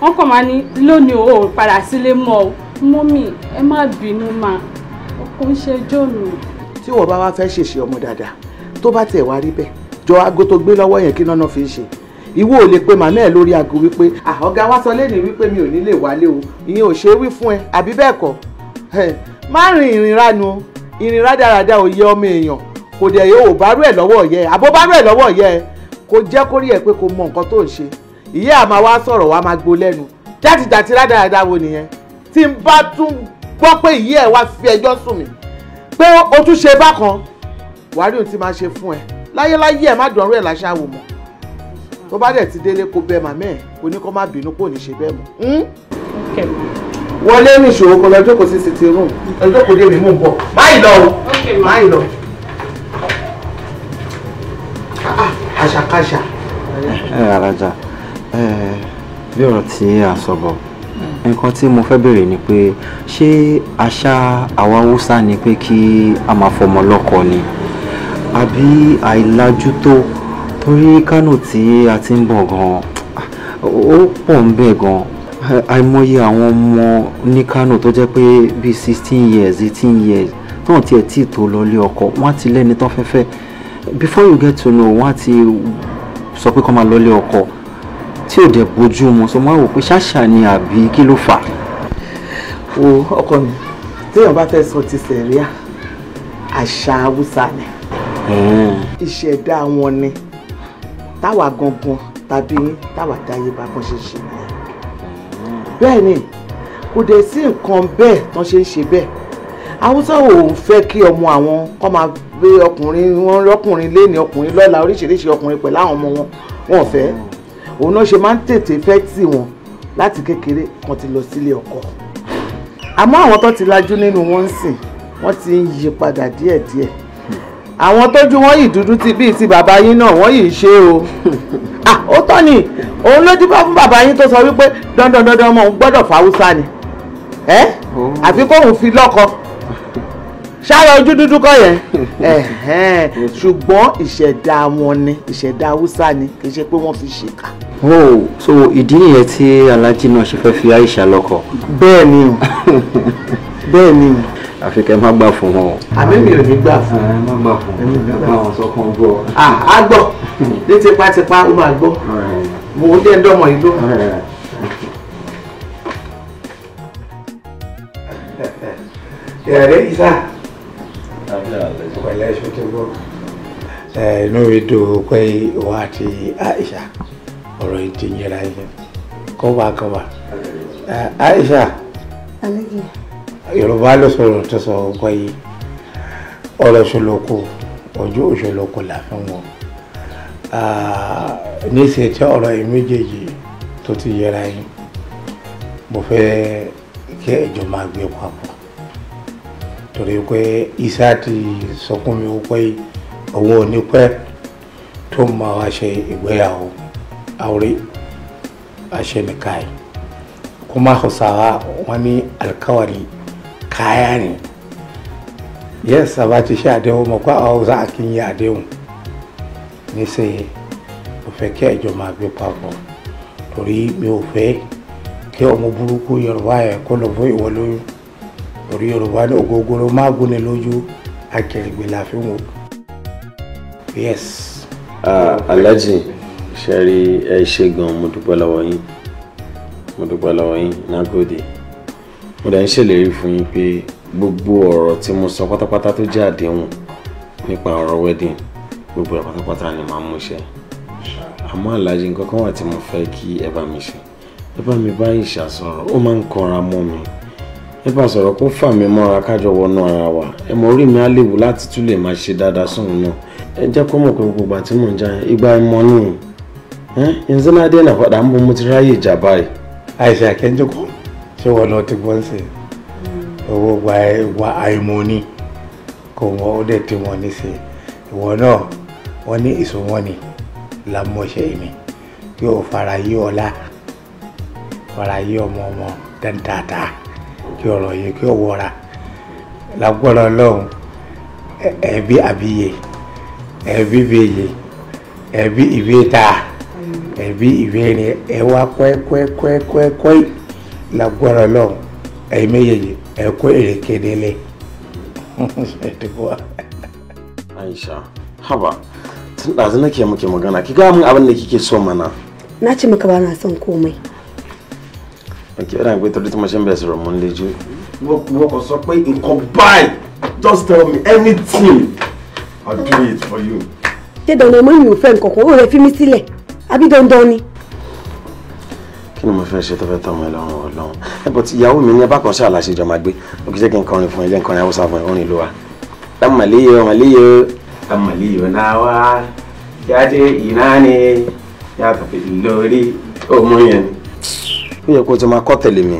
wọn kàn máa ní lónìí o ò padà sílé mọ́ o mọ́mì ẹ má bínú mà ọkọ ń ṣe jọ́ọ̀nù. tí wọ́n bá wá fẹ́ ṣèṣe ọmọ dáadáa tó bá tiẹ̀ wá rí bẹ́ẹ̀ jọ aago tó gbé lọ́wọ́ yẹn kí nọ́nà fi ń ṣe ìwọ ò lè pe màmá ẹ lórí aago wípé ọ̀gá wa sọ lẹ́nu wípé mi ò ní lè wálé o ìyẹn ò ṣe é wí fún ẹ àbí bẹ́ẹ̀ kọ́ má rìn ìrìn ránu ìrìn rádaràda ò yẹ ọmọ èèyàn kò dẹ̀ yóò bárú ẹ̀ lọ́wọ́ yẹ àbó bárú ẹ̀ lọ́wọ́ yẹ kò jẹ́ kó rí ẹ pé kò mọ nǹkan tó ń ṣe ìyá àmà wa sọ̀rọ̀ wa máa gbó lẹ́nu játìjàtì rádaràda wo nìyẹn tí n bá tún gbọ́ pé ìyá wá fi ẹjọ́ sùn mí pé o tún ṣe bákan wàá rí ohun tí máa ṣe fún ẹ láyéláyé ẹ má dọ̀rọ̀ ẹ̀ láṣà wò mọ́ tó bá dẹ̀ ti délé kó bẹ màmá ẹ̀ oníkọ́ má bínú kò ní ṣe bẹ́ẹ̀ mọ́. Hmm? wọlé ní ìṣòro kan lọ́jọ́ kò sí sitting room ẹjọ́ kò dé mi mú un bọ̀ máì lọ o máì lọ. Ah, ah, àṣàkáṣà. ẹ arajà bí ọ̀rọ̀ tí a sọ bọ̀ nǹkan tí mo fẹ́ bèèrè ni pé ṣé àṣà àwa haúsá ni pé kí a máa fọmọ lọ́kọ ni àbí àìlájú torí Kánò tí a ti ń bọ̀ gan-an ó pọ̀ ń bẹ̀ gan-an àìmọye àwọn ọmọ ní Kánò tó jẹ́ pé bíi sixteen years eighteen years tóun tiẹ̀ tí tó lọlé ọkọ wọ́n ti lẹ́ni tán fẹ́fẹ́ before you get to know wọ́n á ti sọ pé kán máa lọlé ọkọ tí ò dẹ̀ bójú mu sọ máa wò pé ṣáṣà ni àbí kí ló fà. wo ọkọ mi téèyàn bá fẹ́ sọ ti sẹ̀ríà àṣà haúsá ni ìṣẹ̀dá wọn ni táwa gangan tàbí táwa dáyé bá kàn ṣe ṣe nìyẹn bẹ́ẹ̀ ni kò dẹ̀ sí nǹkan bẹ́ẹ̀ tán ṣe ń ṣe bẹ́ẹ̀ haúsá ò fẹ́ kí ọmọ àwọn kọ́ máa gbé ọkùnrin wọn lọ́kùnrin léni ọkùnrin lọ́la oríṣiríṣi ọkùnrin pẹ̀lú àwọn ọmọ wọn wọn ò fẹ́ òun náà ṣe máa ń tètè fẹ́ tì wọ́n láti kékeré kan ti lọ sílé ọkọ àmọ́ àwọn tó ti lajú nínú wọn ń sìn wọ́n ti ń yí padà díẹ̀díẹ̀ àwọn tójú wọn yìí dúdú ti bíi ti bàbá yín náà wọ́n yìí ṣe o ah, ó tọ́ ni òun ló dípá fún bàbá yín tó sọ wípé dandan dandan ọmọ òun gbọ́dọ̀ fáwùsá ni ẹ oh. àfi kóun fi lọ́kọ ṣáàrọ ojú dúdú kọ́ yẹn ṣùgbọ́n ìṣẹ̀dá wọn ni ìṣẹ̀dá haúsá ni kì í ṣe pé wọ́n fi ṣèkà. oh so ìdí nìyẹn tí alájí náà ṣe fẹ́ fi Aisha lọ́kọ. bẹ́ẹ̀ ni o bẹ́ẹ̀ ni o àfi kẹ́ má gbà fún wọn. àmì mi ò ní gbà fún ẹ má gbà fún ẹ má gbà wọn sọ kan gbọ́. a gbọ́ ní tipátipá ó máa gbọ́ mo ń dẹ́ dọ́mọ ìlú. yẹ̀rẹ́ ìsà pẹ̀lẹ́ ṣojú bọ́. inú mi dùn pé ìwà àti Aisha ọ̀rọ̀ yìí yẹn kọ́ba kọ́ba Aisha. alẹ́ kìí yorùbá ló sọ̀rọ̀ tó sọ pé ọ̀rọ̀ ṣolóko ọjọ́ òṣolóko là fún wọn níṣẹ́ tí ọ̀rọ̀ yìí méjèèjì tó ti yẹra yín mo fẹ́ kí ẹjọ máa gbé papọ̀ torí pé isa ti sọ fún mi pé òun ò ní pẹ́ tó máa wá ṣe ìgbéyàwó àwòrán àṣẹ nìkan yìí kuma hausawa wani alkawari kaya ne yes a ba ci sha dewo mo kwa a za a kin yi adehun ní sè é mo fẹ́ kí ẹ̀jọ́ máa gbé papọ̀ torí mi ò fẹ́ kí ọmọ burúkú yorùbá yẹn kó lọ fún ìwọ lóyún torí yorùbá ní ògógóró má gúnni lójú akẹrìgbè yes. alhaji ṣe rí ẹ ṣe gan mo dúpẹ́ lọ́wọ́ yín mo dúpẹ́ mo dẹ̀ ń ṣèlérí fún yín gbogbo ọ̀rọ̀ tí mo sọ pátápátá tó jẹ́ àdéhùn nípa ọ̀rọ̀ gbogbo ẹ̀ pátápátá ni màá mú ṣe àmọ́ àlàyé nǹkan kan wà tí mo fẹ́ kí ẹ bá mi ṣe ẹ bá mi bá ìṣà sọ̀rọ̀ ó máa ń kanra mọ́ mi ẹ bá sọ̀rọ̀ kó fà mí mọ́ra kájọ wọnú ara wa ẹ mọ orí mi á léwu láti tún lè máa ṣe dáadáa náà ẹ jẹ́ kó mọ̀ pé gbogbo ìgbà tí mò ń ìgbà ẹ mo ti ṣé wọn náà ti gbọ́n sí owó wa àìmọ́ni kò wọ́n ó dẹ̀ tí wọ́n ní sí ìwọ náà wọ́n ní ìsọ̀wọ́nì lámọ̀ṣẹ́ mi yóò fara yí ọlá fara yí ọmọ ọmọ dáadáa kí ọ̀rọ̀ yìí kí ó wọra lágbọ́dọ̀ ọlọ́run ẹbí àbíyè ẹbí bèyè ẹbí ìwé ta ẹbí ìwé rẹ ẹ wá kọ́ lágbára Ọlọ́run ẹ̀yin méjèèjì Aisha haba tun ɗazu nake muke magana ki gaya min abin da kike so mana na ce maka ba na son komai ok ina gbé torí tí mo ṣe ń bẹ̀rẹ̀ sọ̀rọ̀ mo ń lejú. just tell me anything I'll do it for you. ṣé dandan mo fẹ́ nǹkan kan ó rẹ fi sílẹ̀ àbí dandan ni. kí ni mo fẹ́ ṣe tó fẹ́ tọ́mọ ẹlọ́run ọlọ́run ẹ ìyàwó mi ní ẹ bá kàn ṣáà láṣẹ ìjọba gbé ó kì í ṣe kí n kọrin fún ẹ jẹ́ nǹkan ìyàwó sáfún ẹ orin ló wa. amàlíyò amàlíyò amàlíyò náà wá jáde ìnáni yàtọ̀ lórí òmù yẹn ó yẹ kó o ti máa kọ́ tẹ̀lé mi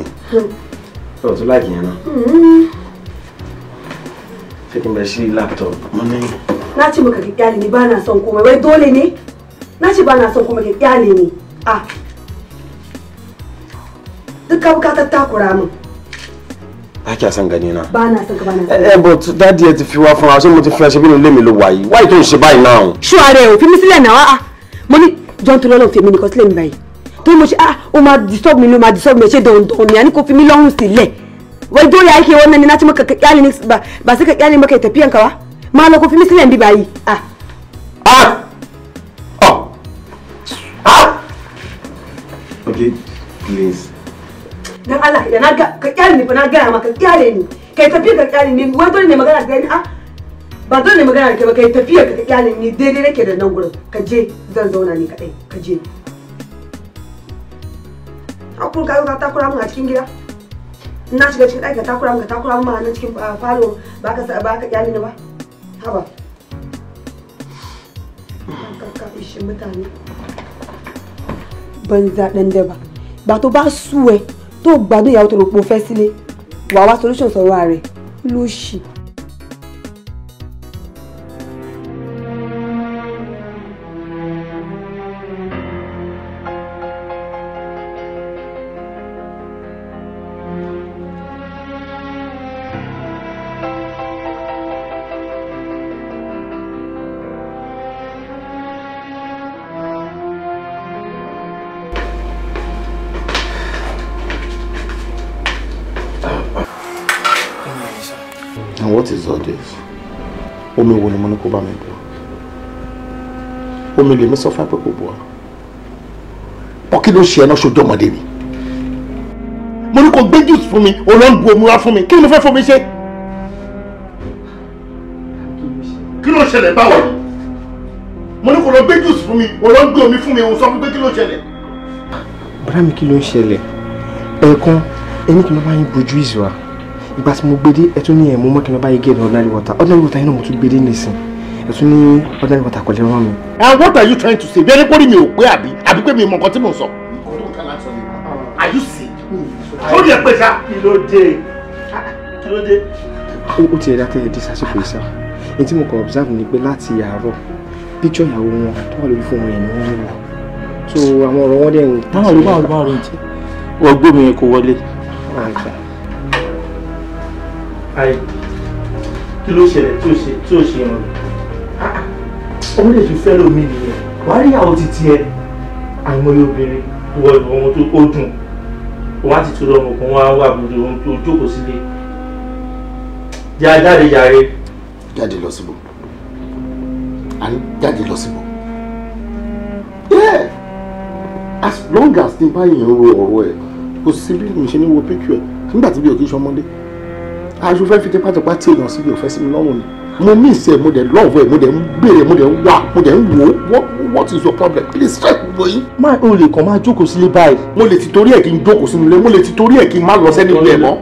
ó tún láì yẹn náà ṣé kí n bẹ sí láptọ̀pù mo ní. láti mọ̀ kàkí gálẹ̀ ni bá náà sọ nǹkan mọ̀ ẹ̀ duk ka bukatar takura min a kì í san gani na. bá a na san ka bá a na san. ẹ but dáàdi ẹ ti fi wá fún wa ṣé mo ti fi ẹṣẹ bínú lé mi ló wà yìí wáyé tó ń ṣe báyìí náà. ṣùgbọ́n ẹ ò fi mí sílẹ̀ náà ah, ah. mo ní john tó lọ́lọ́ fi èmi nìkan sílẹ̀ mi báyìí tó mo ṣe ah o máa disturb mi ló máa disturb mi ṣe dandan ni a ní kó fi mí lọ́rùn sílẹ̀ wai dole yake wannan ne na ci maka ka kyale ne ba ba sai ka kyale maka tafiyan ka ba ma la ko fi mislan bi bayi ah ah oh! ah okay please dan Allah ya na ga ka kyale ni fa na gaya maka kyale ni kai tafi ka kyale ni wai dole ne magana da ni a ah, ba dole ne magana da kai ba kai tafiya ka kyale ni daidai nake da nan gurin ka je zan zauna ni kadai ka je hakun ka ka takura mun a cikin gida na shiga cikin ɗaki ka takura mun ka takura mun a nan cikin ah, falo ba ka ba ka kyale ni ba haba ka ishin mutane banza dan daba ba to ba suwe tó gbádùn ìyàwó tó rò pé o fẹ́ sílé wàá wá solution sọ̀rọ̀ ààrẹ ló wo ni mo ní kó bá mi bù omi lèmi sọ fún ẹ pé kò bù ọ ọ kí ló ṣe ẹ náà ṣojú ọmọdé mi mo ní kó gbé juice fún mi olóńgbò omura fún mi kí ni fẹ́ fún mi ṣe. kí ló ṣẹlẹ̀ báwo ni mo ní kó lọ gbé juice fún mi olóńgbò omi fún mi òun sọ fún pé kí ló ṣẹlẹ̀. bàbá mi kí ló ń ṣẹlẹ̀ ẹ̀ẹ̀kan ẹni kí ló máa ń bu juice ìgbà tí mo gbede ẹ tún ní ẹ mú mọ́ kí n lọ bá yí gẹ̀ẹ́dì ordinary water ordinary water yìí náà mo tún gbede nísìn ẹ ní ordinary water kò rán mi. and what are you trying to say bí ẹni pọ́nrí mi ò pé àbí àbí pé mi ò mọ nǹkan tí mò ń sọ. are you sick? ó yẹ pé sá. kí ló dé kí ló dé. ó ti ẹ̀dá tẹ́lẹ̀ dé sásìkò ìsá èyí tí mo kàn observe ni pé láti àárọ̀ picture ìyàwó wọn tó wà lórí fóònù ẹ̀ ni wọ́n ń wò so àwọn ọ̀rọ̀ wọn dẹ̀ ń. báwo ló báwo ló báwo ló ayi kí ló ṣẹlẹ̀ tí ò ṣe tí ò ṣe hàn ah, ah. ọmọ lè tún fẹ́ lómi nìyẹn wàá rí ìyàwó ti tiẹ̀ àìmọye obìnrin wọ ìwọ̀n tó kó dùn wọ́n á ti tún lọ́mọ kan wọ́n á wà gbọdọ̀ ohun tó jókòó sílé já jáde yàrá. jáde lọ síbò à ń jáde lọ síbò as long as ní báyìí ń ro ọ̀rọ̀ ẹ̀ kò sí bí mo ṣe ní wo picture ẹ̀ nígbà tí bí o kì í ṣọmọdé aṣọ fẹ́ fi tipátipá tí èèyàn síbi ò fẹ́ sí mi lọ́rùn ni mo ní ìsẹ̀ mo dẹ̀ lọ́ọ̀bù ẹ̀ mo dẹ̀ ń béèrè mo dẹ̀ ń wà mo dẹ̀ ń wò ó what is your problem kí ni stress gbogbo yín. má o lè kàn máa jókòó sílé báyìí. mo lè ti torí ẹ̀ kí n jókòó sínú ilé mo lè ti torí ẹ̀ kí n má lọ sẹ́ni ilé ẹ̀ mọ́.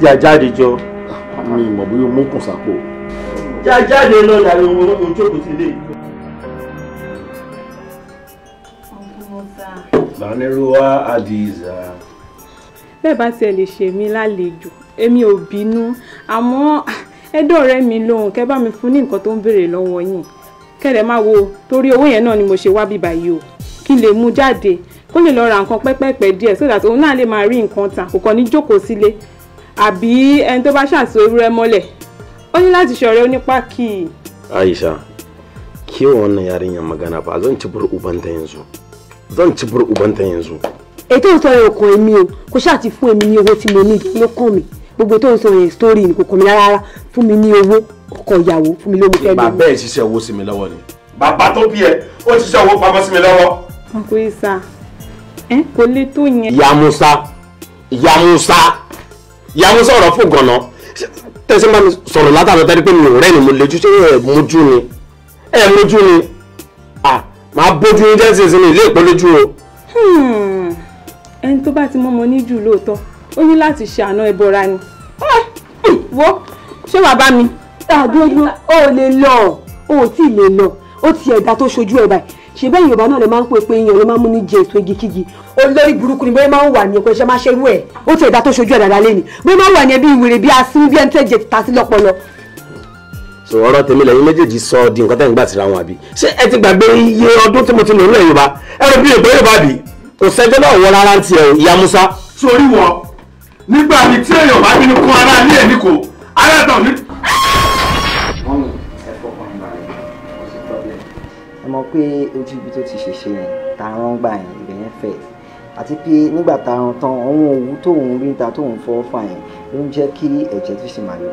jàjáde jọ. mi mọ̀ bóyá mo kùn sápò. jàjáde náà yàrá òun jókòó sílé yìí. Bánirúwá Adiza. Bẹ́ẹ̀ bá tiẹ̀ lè ṣe mí lálejò, èmi ò bínú àmọ́ ẹ̀dọ̀ ọ̀rẹ́ mi lóhùn kẹ́ bá mi fún ní nǹkan tó ń béèrè lọ́wọ́ yín kẹ́lẹ̀ máa wo torí owó yẹn náà ni mo ṣe wá bíbá yìí o kí lè mú jáde kó lè lọ ra nǹkan pẹ́pẹ́pẹ́ díẹ̀ so that òun náà lè máa rí nǹkan tà kò kàn ní jókòó sílé àbí ẹni tó bá ṣàṣọ ewúrẹ́ mọ́lẹ̀ ó ní láti ṣọ̀rẹ́ onípá kì í. Aisha kiwon wannan yarinyar magana ba zan ci bur ubanta yanzu zan ci bur ubanta yanzu. ètò ìtọ́ ẹ̀kọ́ èmi o kò ṣáà ti fún èmi ní owó tí mo ní ló kàn mí gbogbo tó ń sọ yẹn story ni kò kọ́ mi rárá fún mi ní owó ọkọ ìyàwó fún mi lómi fẹ́ẹ́ lómi. bàbá ẹ̀ ṣiṣẹ́ owó sí mi lọ́wọ́ ni bàbá tó bí ẹ ó ṣiṣẹ́ owó pamọ́ sí mi lọ́wọ́. kò í sa ẹ kò lè tó yẹn. ìyá Musa ìyá Musa ìyá Musa ọ̀rọ̀ fún gànà tẹ̀sí máa sọ̀rọ̀ látàlọ́ tẹ́lẹ̀ pé mi ò rẹ́ ni mo lejú ṣé ẹ̀ mójú ni ẹ̀ mójú ni máa bójú ní jẹ́sìn sí mi ilé ìpọ́nlójú o. Hmm. ẹni tó bá ti mọ́ mọ́ ní jù lóòótọ́ ó ní láti ṣe àná ẹbọra ni eh, eh, wo ṣé wàá bá mi dúró dúró ó lè lọ ó tí ì lè lọ ó ti ẹ̀dá tó ṣojú ẹ̀ báyìí ṣe bẹ́ẹ̀ yorùbá náà lè máa ń pè pé èèyàn ló máa ń mú ní jẹ ètò igikígi olórí burúkú ni bóyá máa ń wà ní ẹ̀kọ́ iṣẹ́ máa ṣe irú ẹ̀ ó ti ẹ̀dá tó ṣojú ẹ̀ dáadáa lẹ́nu bóyá máa ń wà ní ẹbí ìwèrè bí asín bí ẹni tẹ́ jẹ ta sí lọ́pọlọ. sọ ọ̀rọ̀ tèmi lẹ́yìn méjèèjì sọ di nǹkan tẹ́ ń gbà síra wọn àbí ṣé ẹ ti gbàgbé iye ọdún tí mo ti lò nílẹ̀ yorùbá ẹ rò bí yorùbá nígbà mi tí èèyàn bá bínú kún ara ní èmi kò ara tàn ní. ẹ fọkàn problem. ẹ mọ̀ pé ojú ibi tó ti ṣèṣe yẹn tá a rán gbà yẹn ibẹ̀ yẹn fẹ̀ àti pé nígbà tá a rán tán òun òwú tóun rí ta tóun fọwọ́ fà yẹn ló ń jẹ́ kí ẹ̀jẹ̀ tó ṣe máa lọ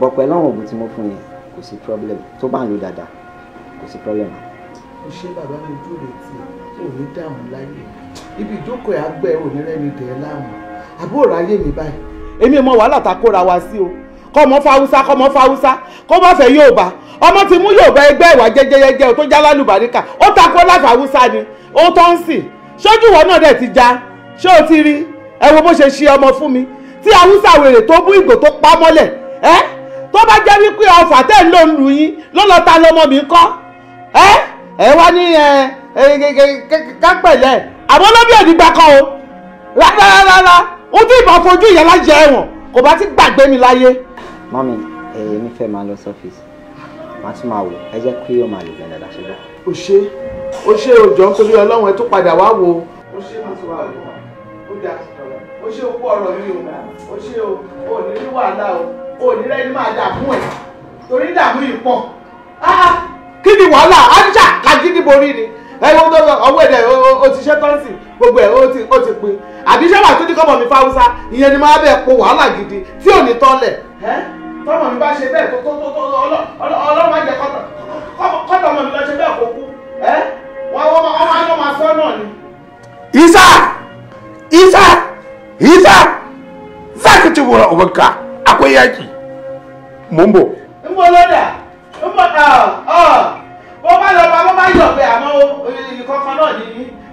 bọ̀ pẹ̀lú àwọn oògùn tí mo fún yẹn kò sí problem tó bá ń lo dáadáa kò sí problem. o ṣe bàbá mi ojú rẹ tí ò ní dààmú láyé ibi ìjókòó àgbẹ̀ onírẹ́ni dẹ̀ láàmú àbúrò ráyè mi báyìí èmi mọ wàhálà tá kóra wa sí o kọmọ fáwúsá kọmọ fáwúsá kó má fẹ́ Yorùbá ọmọ ti mú Yorùbá ẹgbẹ́ ìwà jẹjẹjẹjẹ tó já lálùbáríkà ó takò láfa haúsá ni ó tó ń sìn ṣojú wọn náà dẹ̀ ti já ṣé o ti rí ẹ wo bó ṣe ṣe ọmọ fún mi tí haúsá wèrè tó bú ìgò tó pa mọ́lẹ̀ ẹ́ tó bá jẹ́ wípé ọfà tẹ̀ ń lò ń lù yín ló lọ ta lọmọ mi kọ́ ẹ́ ẹ wá ní ẹ kápẹ̀lẹ̀ àwọn olóbì òdìgbà kan o rárá ojú ìbá fojú ìyá láyé ẹ̀wọ̀n kò bá ti gbàgbé mi láyé. mọ́mí ẹ̀yẹ mi fẹ́ máa lọ sọ́fíìsì màá tún máa wò ẹ jẹ́ pé ó máa lè gbẹ̀dẹ̀ dàṣẹ́ bọ́. o ṣe o ṣe òjò ń torí ọlọ́run ẹ tó padà wá wo. o ṣe má tó wà lọ ó dà o ṣe òkú ọ̀rọ̀ mi o o ṣe o ni ní rí wàhálà o ò ní rẹ́ni máa dà fún ẹ̀ torí dààmú yìí pọ̀ kí ni wàhálà ájà làgídí borí ni ẹ ọwọ́ ẹ̀dẹ̀ o ti ṣe tọ́sí gbogbo ẹ̀ ó ti ó ti pin àbí sábà tó ní kọ́mọ mi fáwùsá ìyẹn ni máa bẹ̀ po wàhálà gidi tí ò ní tọ́lẹ̀. tọ́mọ mi bá ṣe bẹ́ẹ̀ tó tó tó tó ọlọ́run má jẹ kọ́tọ̀ kọ́tọ̀ ọmọ mi lọ ṣe bẹ́ẹ̀ kó kú wọ́n wọ́n máa ń lọ́ máa sọ náà ni. isa isa isa za ka ci wura ubanka akwai yaki mumbo. n bọ lọ́dà n bọ ọ ọ bọ́ bá lọ bá bọ́ bá yọ̀ pé àmọ́ ìkọ̀kan náà nìyí.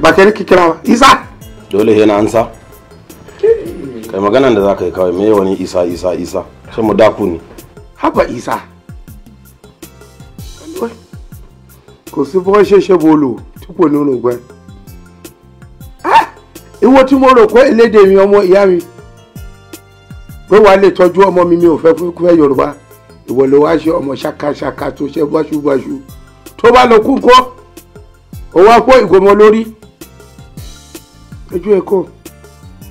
ba kai nake kira ba isa dole ihe na ansa kai maganan da zaka yi kawai me wani isa isa isa sai mu daku ne haba isa kò sí fọwọ́ ṣẹ̀ṣẹ̀ bolo tupu kò nínú gbẹ. ìwọ tí mo rò pé elédè mi omo ìyá mi pé wàá lè tọ́jú ọmọ mi mi ò shaka kú fẹ́ yorùbá ìwọ ló wá ṣe ọmọ ó wá kó ìgbọmọ lórí ojú ẹ̀kọ́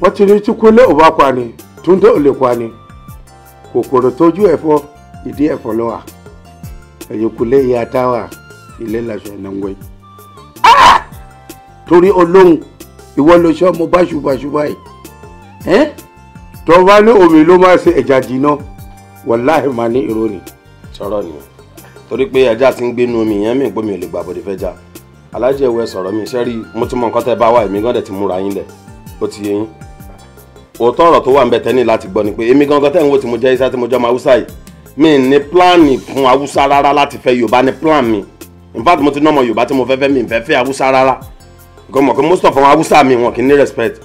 wọ́n ti ní tí kúnlé ò bá pani túndé ò lè pani kòkòrò tójú ẹ̀fọ́ ìdí ẹ̀fọ́ lọ́wà ẹ̀yìn kúnlé ìyá táwà ilé làṣẹ ìnáwó ah! torí olóhùn ìwọ ló ṣe ọmọ báṣubàṣu báyìí ẹ tó bá ní omi ló máa ṣe ẹja jìnnà wàláhì máa ní ìrònì. sọ̀rọ̀ ni torí pé ẹja ti ń gbénu omi yẹn mi gbómi ò lè gbàbọ̀dé fẹ́ já alájẹ ẹwẹ sọ̀rọ̀ mi ṣẹ́rí mo ti mọ nǹkan tẹ́ bá wà èmi gan dẹ̀ ti múra yín lẹ̀ ó ti yé yín òótọ́ ọ̀rọ̀ tó wà ń bẹ tẹ́ ní láti gbọ́ ni pé èmi gangan tẹ́ ń wò tí mo jẹ́ iṣẹ́ tí mo jẹ́ ọmọ haúsá yìí mi ní pláàni fún haúsá rárá láti fẹ́ yorùbá ní pláàn mi in fact mo ti nọ́mọ yorùbá tí mo fẹ́ fẹ́ mi fẹ́ fẹ́ haúsá rárá nǹkan mọ̀ pé most of àwọn haúsá mi wọn kì í ní respect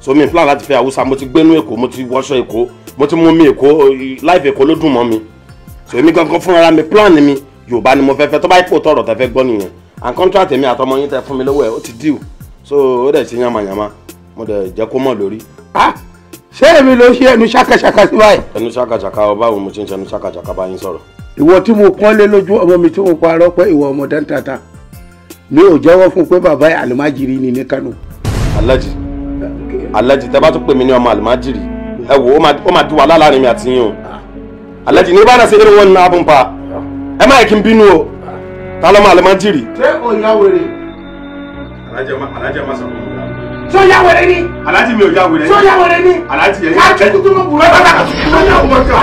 so mi plan láti fẹ́ haúsá mo ti gbénú èkó mo ti wọṣọ èkó mo ti mú mi èkó life èkó ló dùn mọ́ mi so èmi gangan fúnra mi plan mi yorùbá ni mo fẹ́ fẹ́ tó bá ipò tọ̀rọ̀ tẹ́ fẹ́ gbọ́ nìyẹn and contract èmi àtọmọ yín tẹ fún mi lọ́wọ́ ẹ̀ ó ti deal so ó dẹ̀ ṣe yamayama mo dẹ̀ jẹ́ kó mọ̀ lórí. Ah! ṣé èmi ló ṣe ẹnu ṣàkàṣàkà sí báyìí. ẹnu ṣàkàṣàkà ọ báwo mo ṣe ń ṣe ẹnu ṣàkàṣàkà bá yín sọ̀rọ̀. ìwọ tí mo kọ́ lé lójú ọmọ mi ti mo parọ́ pé ìwọ ọmọ tata. mi ò jẹ́wọ́ fún pé bàbá àlùmájìrì ni ní Alaji. Alaji. alájì tẹ bá tún pè mí ní ọmọ àlùmájìrì ẹ wò ó máa dùn wà láàárín mi àti yín o ah. alájì ní bá náà ṣe eré wọn ní abúpa ah. ẹ má yẹ kí n bínú o ta ló máa lè máa ń tìrì. ṣé o ya wèrè. alájà máa sọ̀rọ̀ mi. ṣé ya wèrè ni. alájì mi ò ya wèrè. ṣé o ya wèrè ni. alájì yẹn. káàkiri tuntun mọ̀ bùrọ̀ bàtà kàtó tuntun náà wọ̀ jọ.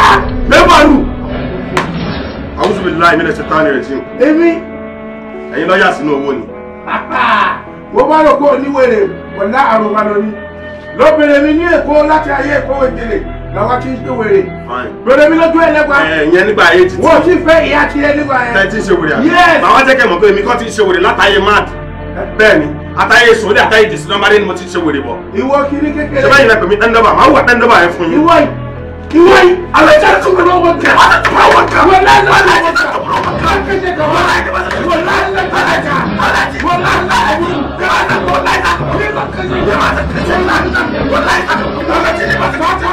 mẹ́fà lù. àwùjọ mi láì mílẹ̀ ṣe tán rẹ̀ jù. èmi. ẹ̀yin lọ́ọ̀yà sínú owó ni. mo bá rò pé oníwèrè ọ̀la àròbalọ̀ ni lóbìnrin mi ní èkó láti ayé èkó òjèlè lọ́wọ́ tí ń ṣe wèrè. lóde mi lójú ẹlẹ́gbà. ẹ̀yẹn nígbà ayé ti. wọ́n ti fẹ́ ìyá ti ẹ nígbà yẹn. tẹ́tí ṣe wèrè àná. yẹ́s. bàbá jẹ́ kẹ́ mọ̀ pé èmi kọ́ ti ṣe wèrè látàyè mad. bẹ́ẹ̀ni àtàyè sòwòlé àtàyè dìsínà máa dé ni mo ti ṣe wèrè bọ̀. ìwọ kiri kékeré. ṣé báyìí náà pèmí tẹ́ńdọ́bà máa wà tẹ́ńdọ́bà yẹn fún yín. ìwọ yìí Wai, alajar su kuma wanka. Wanka. Ni ni ba ka ta.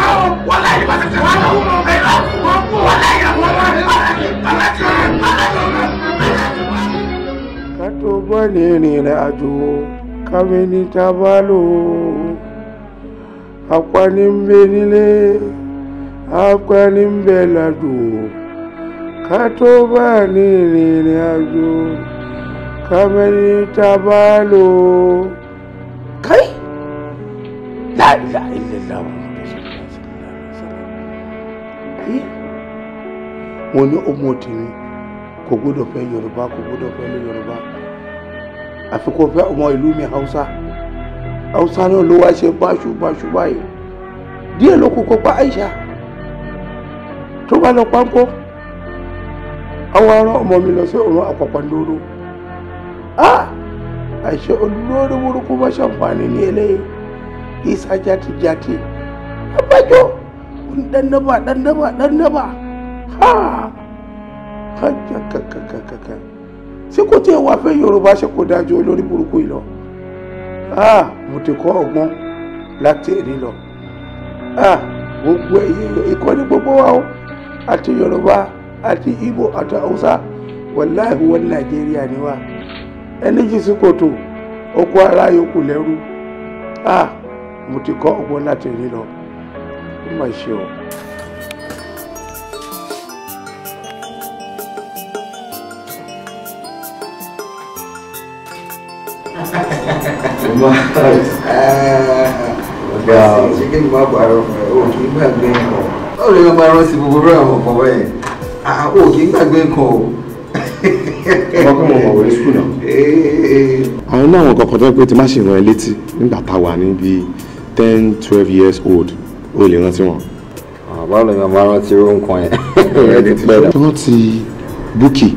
Wallahi ba ka ta akọni ń bẹ ládùúgbò ni tó bá ní ìrìnrìn àjò ká mẹ́ni tá a bá lò ó. káyì láìláì lè láwọn wọn ní ọmọ obìnrin kò gbọ́dọ̀ fẹ́ yorùbá kò gbọ́dọ̀ fẹ́ lé yorùbá àfi kò ọmọ ìlú mi Hausa. Hausa náà ló wá ṣe báṣubàṣu báyìí díẹ̀ ló kó kópa aisha tó bá lọ páńpọ́ àwọn ará ọmọ mi lọ sí ọ̀run àpàpàǹdodo àṣẹ olórí burúkú má ṣàǹfààní ní eléyìí isa jati-jati abájọ dandaba dandaba dandaba ha kájà kàkàkàkà ṣé kò tí ẹ wá fẹ́ yorùbá ṣe kò dájú olórí burúkú yìí lọ mo ti kọ́ ọgbọ́n láti èrí lọ gbogbo ẹ̀yìn ikọ́ ní gbogbo wa o àti yorùbá àti Ibo àti haúsá wàláhì wọn nàìjíríà ni wá ẹni jì sí kòtò okó ara yòókù lẹ́rú a mo ti kọ́ ọgbọ́n láti rí lọ ó mà ṣe o. ọ̀gá ọ̀gá ṣé kí ni wàá bọ̀ ara ọ̀fẹ́ o kì í gbàgbé ọ̀hún ó lè máa rántí gbogbo rẹ̀ àwọn ọ̀pọ̀ bẹ́ẹ̀ àpò kì í gbàgbé nǹkan o. wọ́n kọ́ mọ̀ mọ̀ wọlé skul náà. àwọn náà wọn kọ̀ọ̀kan tó ń pè tí má ṣe ràn ẹ́ létí nígbà tá a wà ní bíi ten twelve years old ó lè rántí wọn. báwo ni màmá rántí irú nǹkan yẹn. rántí búkì.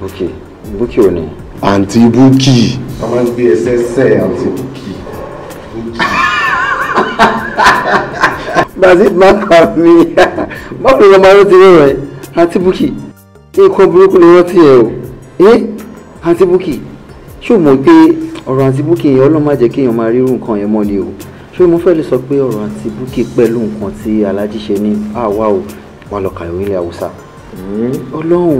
búkì búkì ò ní. àǹtí búkì. wọ́n máa ń gbé ẹsẹ̀ sẹ́ẹ̀ àǹtí búkì. Brazil máa kà mí báwo ni ọmọ rántí rẹ̀ rẹ̀ àti Bukky nǹkan burúkú ni rántí ẹ̀ o eh? àti Bukky ṣé o mọ̀ pé ọ̀rọ̀ àti Bukky yẹn ọlọ́mọ àjẹ́ kéèyàn máa ríru nǹkan yẹn mọ́ ni o ṣé mo fẹ́ lè sọ pé ọ̀rọ̀ àti Bukky pẹ̀lú nǹkan tí alájí ṣe ní àwa o wà lọ kàwé ilẹ̀ Haúsá hmm? ọlọ́run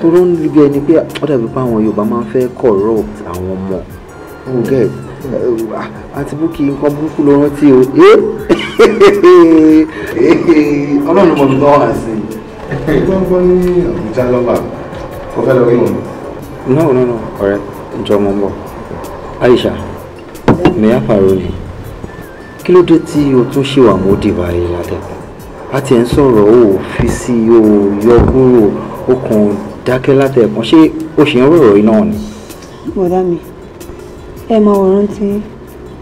tó ló ń rí bí ẹni pé ó dàbí pé àwọn Yorùbá máa ń fẹ́ corrupt àwọn ọmọ ó àti búkì nǹkan burúkú ló rántí o ọlọ́run mọ̀ mi lọ́wọ́ àṣẹ. gbọ́ngbọ́n ní àbújá lọ́ba kò fẹ́ lọ rí wọn. no no no ọ̀rẹ́ ìjọ mọ̀ ń Aisha mẹ́yà pàrọ̀ ni kí ló dé tí o tún ṣe mọ́dì báyìí látẹ̀kùn a ti ẹ̀ ń sọ̀rọ̀ o fi sí i o yọ kúrò o kàn dákẹ́ látẹ̀kùn ṣé o ṣì ń rọ̀rọ̀ iná ni. bọ̀dá mi ẹ máa wọ̀ rántí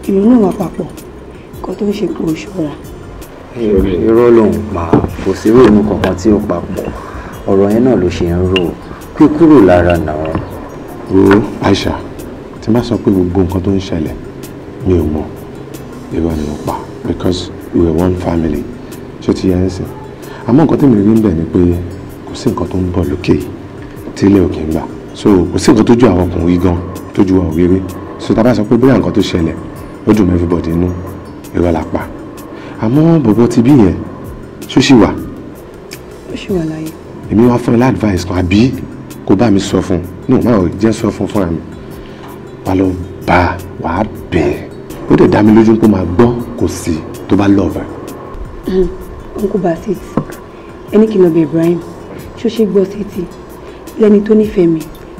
ìrònú wa papọ̀ kó tó ṣe kó ṣọ́ra. irọ́ ló ń pa kò sí ìrònú kankan tí ó papọ̀ ọ̀rọ̀ yẹn náà ló ṣe ń rò pé kúrò lára náà. wo Aisha tí má sọ pé gbogbo nǹkan tó ń ṣẹlẹ̀ mi ò mọ̀ irọ́ ni mo pa because we are one family ṣé ti yẹ ẹ́ sìn àmọ́ nǹkan tí mi rí ń bẹ̀ ni pé kò sí nǹkan tó ń bọ̀ lókè tílé òkè ń gbà so kò sí nǹkan tójú àwọn ọkùnrin gan tójú wa òréré so tá a bá sọ pé bóyá nǹkan tó ṣẹlẹ̀ ó everybody inú irọ́ la pa àmọ́ bọ̀bọ̀ ti bí yẹn ṣó ṣì wà. ó ṣì wà láyé. èmi wá fún ẹ lá advice kan àbí kó bá mi sọ fún un no máa jẹ́ sọ fún fúnra mi wà lọ bá wà á bẹ̀ ẹ́ ó dẹ̀ dá mi lójú pé máa gbọ́ kò sí tó bá lọ́ọ̀bà. uncle basit ẹni kìlọ̀ bẹ̀ Ibrahim ṣó ṣe gbọ́ sétí lẹ́ni tó nífẹ̀ẹ́ mi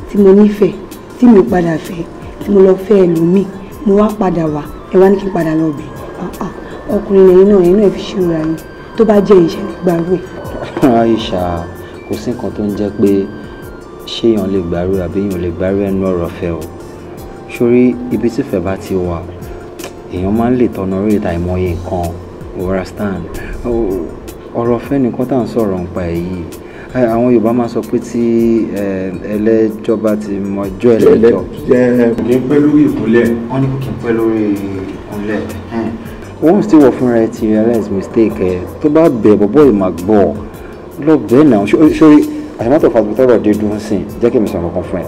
tí mo nífẹ̀ẹ́ tí mi padà fẹ́ẹ́ tí mo lọ fẹ́ ẹlòmíì mo wá padà wá ẹ wá ní kí n padà lọ bẹ̀ ah, ah, ọkùnrin lẹ́yìn náà ẹ̀yìn náà fi ṣúra yín tó bá jẹ́ ìṣẹ̀lẹ̀ gbàrúwẹ̀. Aisha kò sí nǹkan tó ń jẹ́ pé ṣéèyàn lè gbàrú àbí èèyàn lè gbàrú ẹnu ọ̀rọ̀ fẹ́ o sórí ibi tífẹ̀ bá ti wà èèyàn máa ń lè tọ́nà orí ìta ìmọye nǹkan overstand oh, ọ̀rọ̀ fẹ́ nìkan tá à ń sọ̀rọ̀ nípa èyí àwọn Yorùbá máa sọ pé tí ẹlẹ́jọ́ bá ti mọjọ́ ẹlẹ́jọ́. kì í pẹ́ lórí ìkúnlẹ̀. wọ́n ní kì í pẹ́ lórí ìkúnlẹ̀. once tí wọ́n fúnra ẹ ti realize mistake ẹ tó bá bẹ̀ bọ́bọ́ ìmàgbọ́ lọ bẹ́ẹ̀ náà sórí àyàmọ́tò fàgbọ́tọ̀rọ̀ dé dúró sí jẹ́ kí mi sọ̀rọ̀ kan fún ẹ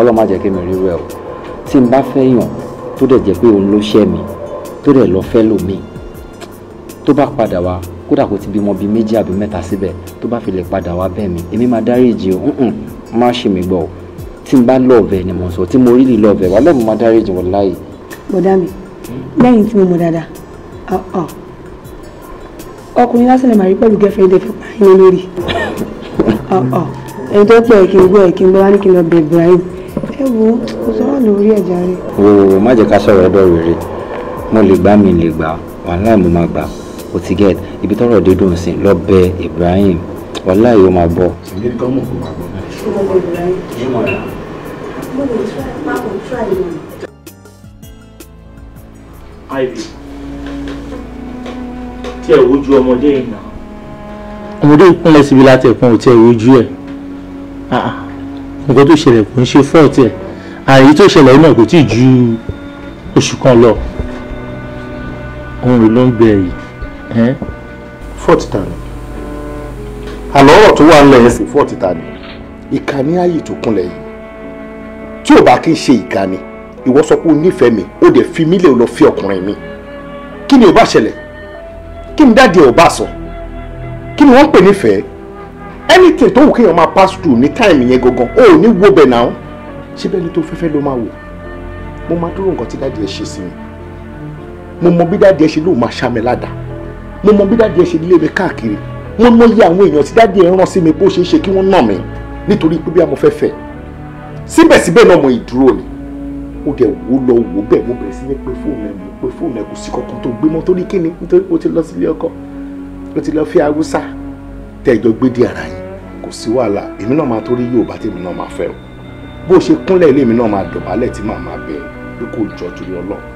ọlọ́mọ jẹ́ kí mi rí rẹ o tí n bá fẹ́ yàn tó dẹ̀ jẹ́ pé òun ló ṣẹ́ mi tó dẹ̀ lọ fẹ́ lòmíì tó bá padà wá kódà kò ti bímọ bíi méjì àbí mẹ́ta síbẹ̀ tó bá fi lè padà wá bẹ́ẹ̀ mi èmi máa dáríjì o má ṣe mi gbọ́ tí n bá lọ́ọ̀vẹ̀ ni mo sọ tí mo rí lè lọ́ọ̀vẹ̀ wà lẹ́mu máa dáríjì wọn láàyè. bọ̀dá mi lẹ́yìn tí mo mọ̀ dáadáa ah, ah. ọkùnrin lásán lè máa rí pẹ̀lú gẹ́fẹ́ ìdẹ́fẹ́ pààyàn lórí ah, ẹni tó pẹ̀ kí n gbọ́ ẹ̀ kí n gbọ́ wá kí n lọ bẹ̀ Ibrahim ẹ wo kò sọ̀rọ̀ lórí ẹ̀já rẹ̀. wò wò má jẹ́ ká sọ̀rọ̀ ọ̀dọ̀ rere mo lè gbá mi lè gbà wàhálà mo máa gbà o ti get ibi tọrọ dé dùn sí lọbẹ Ibrahim wàhálà yìí ó máa bọ. ìlérí kan mọ̀ kó máa bọ̀. ṣùgbọ́n Ibrahim ṣé mo rà. mo lè try máa kò try ìmọ̀. Ivy tí ẹ wojú ọmọdé yìí náà. ọmọdé ìpínlẹ̀ síbi láti ẹ̀kan ò tí wojú ẹ̀ ah, ah. nǹkan tó ṣẹlẹ̀ kò ń ṣe fọ́ọ̀tì ẹ̀ àyè tó ṣẹlẹ̀ náà kò tí ì ju oṣù kan lọ òun ló ń bẹ yìí fọ́ọ̀tì ta ni àlọ́ ọ̀rọ̀ tó wà ńlẹ̀ yẹn sì fọ́ọ̀tì ta ni ìkà ní ààyè tó kúnlẹ̀ yìí tí ò bá kí n ṣe ìkà ìwọ sọ pé o nífẹ̀ẹ́ mi o dẹ̀ fi mí lè lọ fi ọkùnrin mi kí ni ò bá ṣẹlẹ̀ kí ni dáàdi ò bá sọ kí ni wọ́n ń pè nífẹ̀ẹ́ anything tó wù kéèyàn máa pass through ní time yẹn gangan o ò ní wo bẹ̀ náà ṣé bẹ́ẹ̀ ni tó fẹ́fẹ́ ló máa wò mo máa dúró nǹkan tí dáàdi ẹ ṣe sí mi mo mọ bí dáàdi ẹ ṣe lóun máa ṣá mi ládàá mo mọ bí dáàdi ẹ ṣe nílé mi káàkiri mo mọ iye àwọn èèyàn tí dáàdi ẹ rán sí mi bó ṣe é ṣe kí wọ́n nà mí nítorí pé bí a mo fẹ́ fẹ́ síbẹ̀síbẹ̀ náà mo ìdúró ni ó dẹ̀ wò lọ wò bẹ́ẹ̀ mo bẹ̀rẹ̀ sí ní pé fóònù ẹ̀ mo pé fóònù ẹ̀ kò sí kankan tó gbé mọ́ torí kíni nítorí o ti lọ sílé ọkọ o ti lọ fi haúsá tẹ̀jọ́ gbé di ara yín kò sí wàhálà èmi náà máa torí Yorùbá tèmi náà máa fẹ́ o bó ṣe kúnlẹ̀ ilé mi náà máa dọ̀bálẹ̀ tí màá máa bẹ̀ pé kò jọ torí Ọlọ́run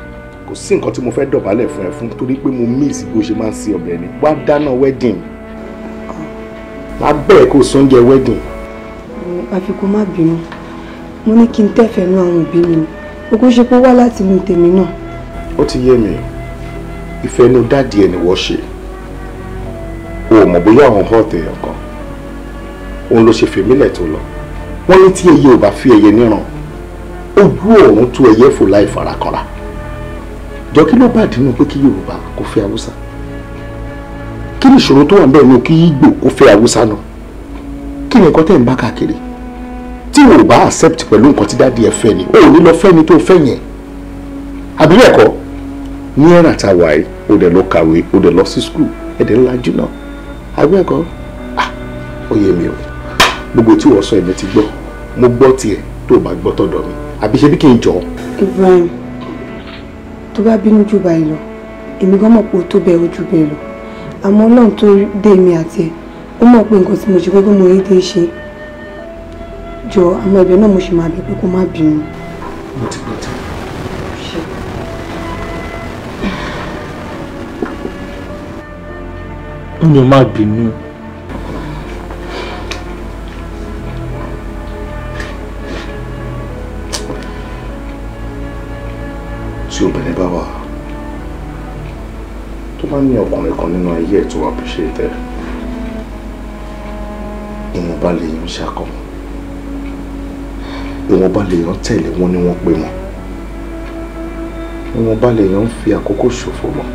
kò sí nǹkan tí mo fẹ́ dọ̀bálẹ̀ fún ẹ fún torí pé mo miss bó ṣe máa ń ṣe ọbẹ̀ ni wá dáná wedding máa bẹ̀rẹ̀ kó sóúnjẹ wedding. àfi kó má bínú mo ní kí n tẹ́fẹ̀ẹ́ nú àwọn òbí mi ogó ṣe pé wá láti inú tèmi náà. ó ti yé mi ìfẹ́ inú dáàdì ẹ̀ ni wọ́n ṣe o ò mọ̀ bóyá àwọn ọ̀tẹ̀ ọ̀kan òun ló ṣe fèmílẹ̀ tó lọ wọ́n ní tí ẹyẹ ò bá fi ẹyẹ níran ojú ọ̀run tú ẹyẹ fò láì farakanra jọ kí ló bá dínú pé kí yorùbá kò fẹ́ haúsá kí ni ìṣòro tó wà ń bẹ̀ nù kí ìgbò kò fẹ́ haúsá náà kí ni nǹkan tẹ̀ ń bá káàkiri tí wọn ò bá accept pẹ̀lú nǹkan tí dáàdi ẹ fẹ́ ni o ò ní lọ fẹ́ ni tó fẹ́ yẹn àbí bẹ́ẹ̀ ní ẹ̀rà tá a wà yìí o dẹ̀ lọ kàwé o dẹ̀ lọ sí school ẹ̀ dẹ̀ ńlá jù náà àbí bẹ́ẹ̀ kọ́ ah ó yé mi o gbogbo tí wọ́n sọ èmi ti gbọ́ mo gbọ́ tiẹ̀ tó o bá gbọ́ tọ̀dọ̀ mi àbí ṣe tó bá bínú jù báyìí lọ èmi gan mọ̀ pé ó tó bẹ́ẹ̀ ojú bẹ́ẹ̀ lọ àmọ́ ọlọ́run tó dé èmi àti ẹ̀ ó mọ̀ pé nǹkan tí mo ṣe gbogbo mo rí dé ṣe jọ àmọ́ ẹ̀bẹ̀ náà mo ṣe máa bẹ̀ pé kó má bínú. mi ò má bínú. tí obìnrin bá wà tó bá ní ọkùnrin kan nínú ayé ẹ̀ tó wà bí ṣe tẹ̀ ìwọ̀nba lèèyàn ṣakọ ìwọ̀nba lèèyàn tẹ̀lé wọn ni wọ́n pè mọ́ ìwọ̀nba lèèyàn ń fi àkókò ṣòfò mọ́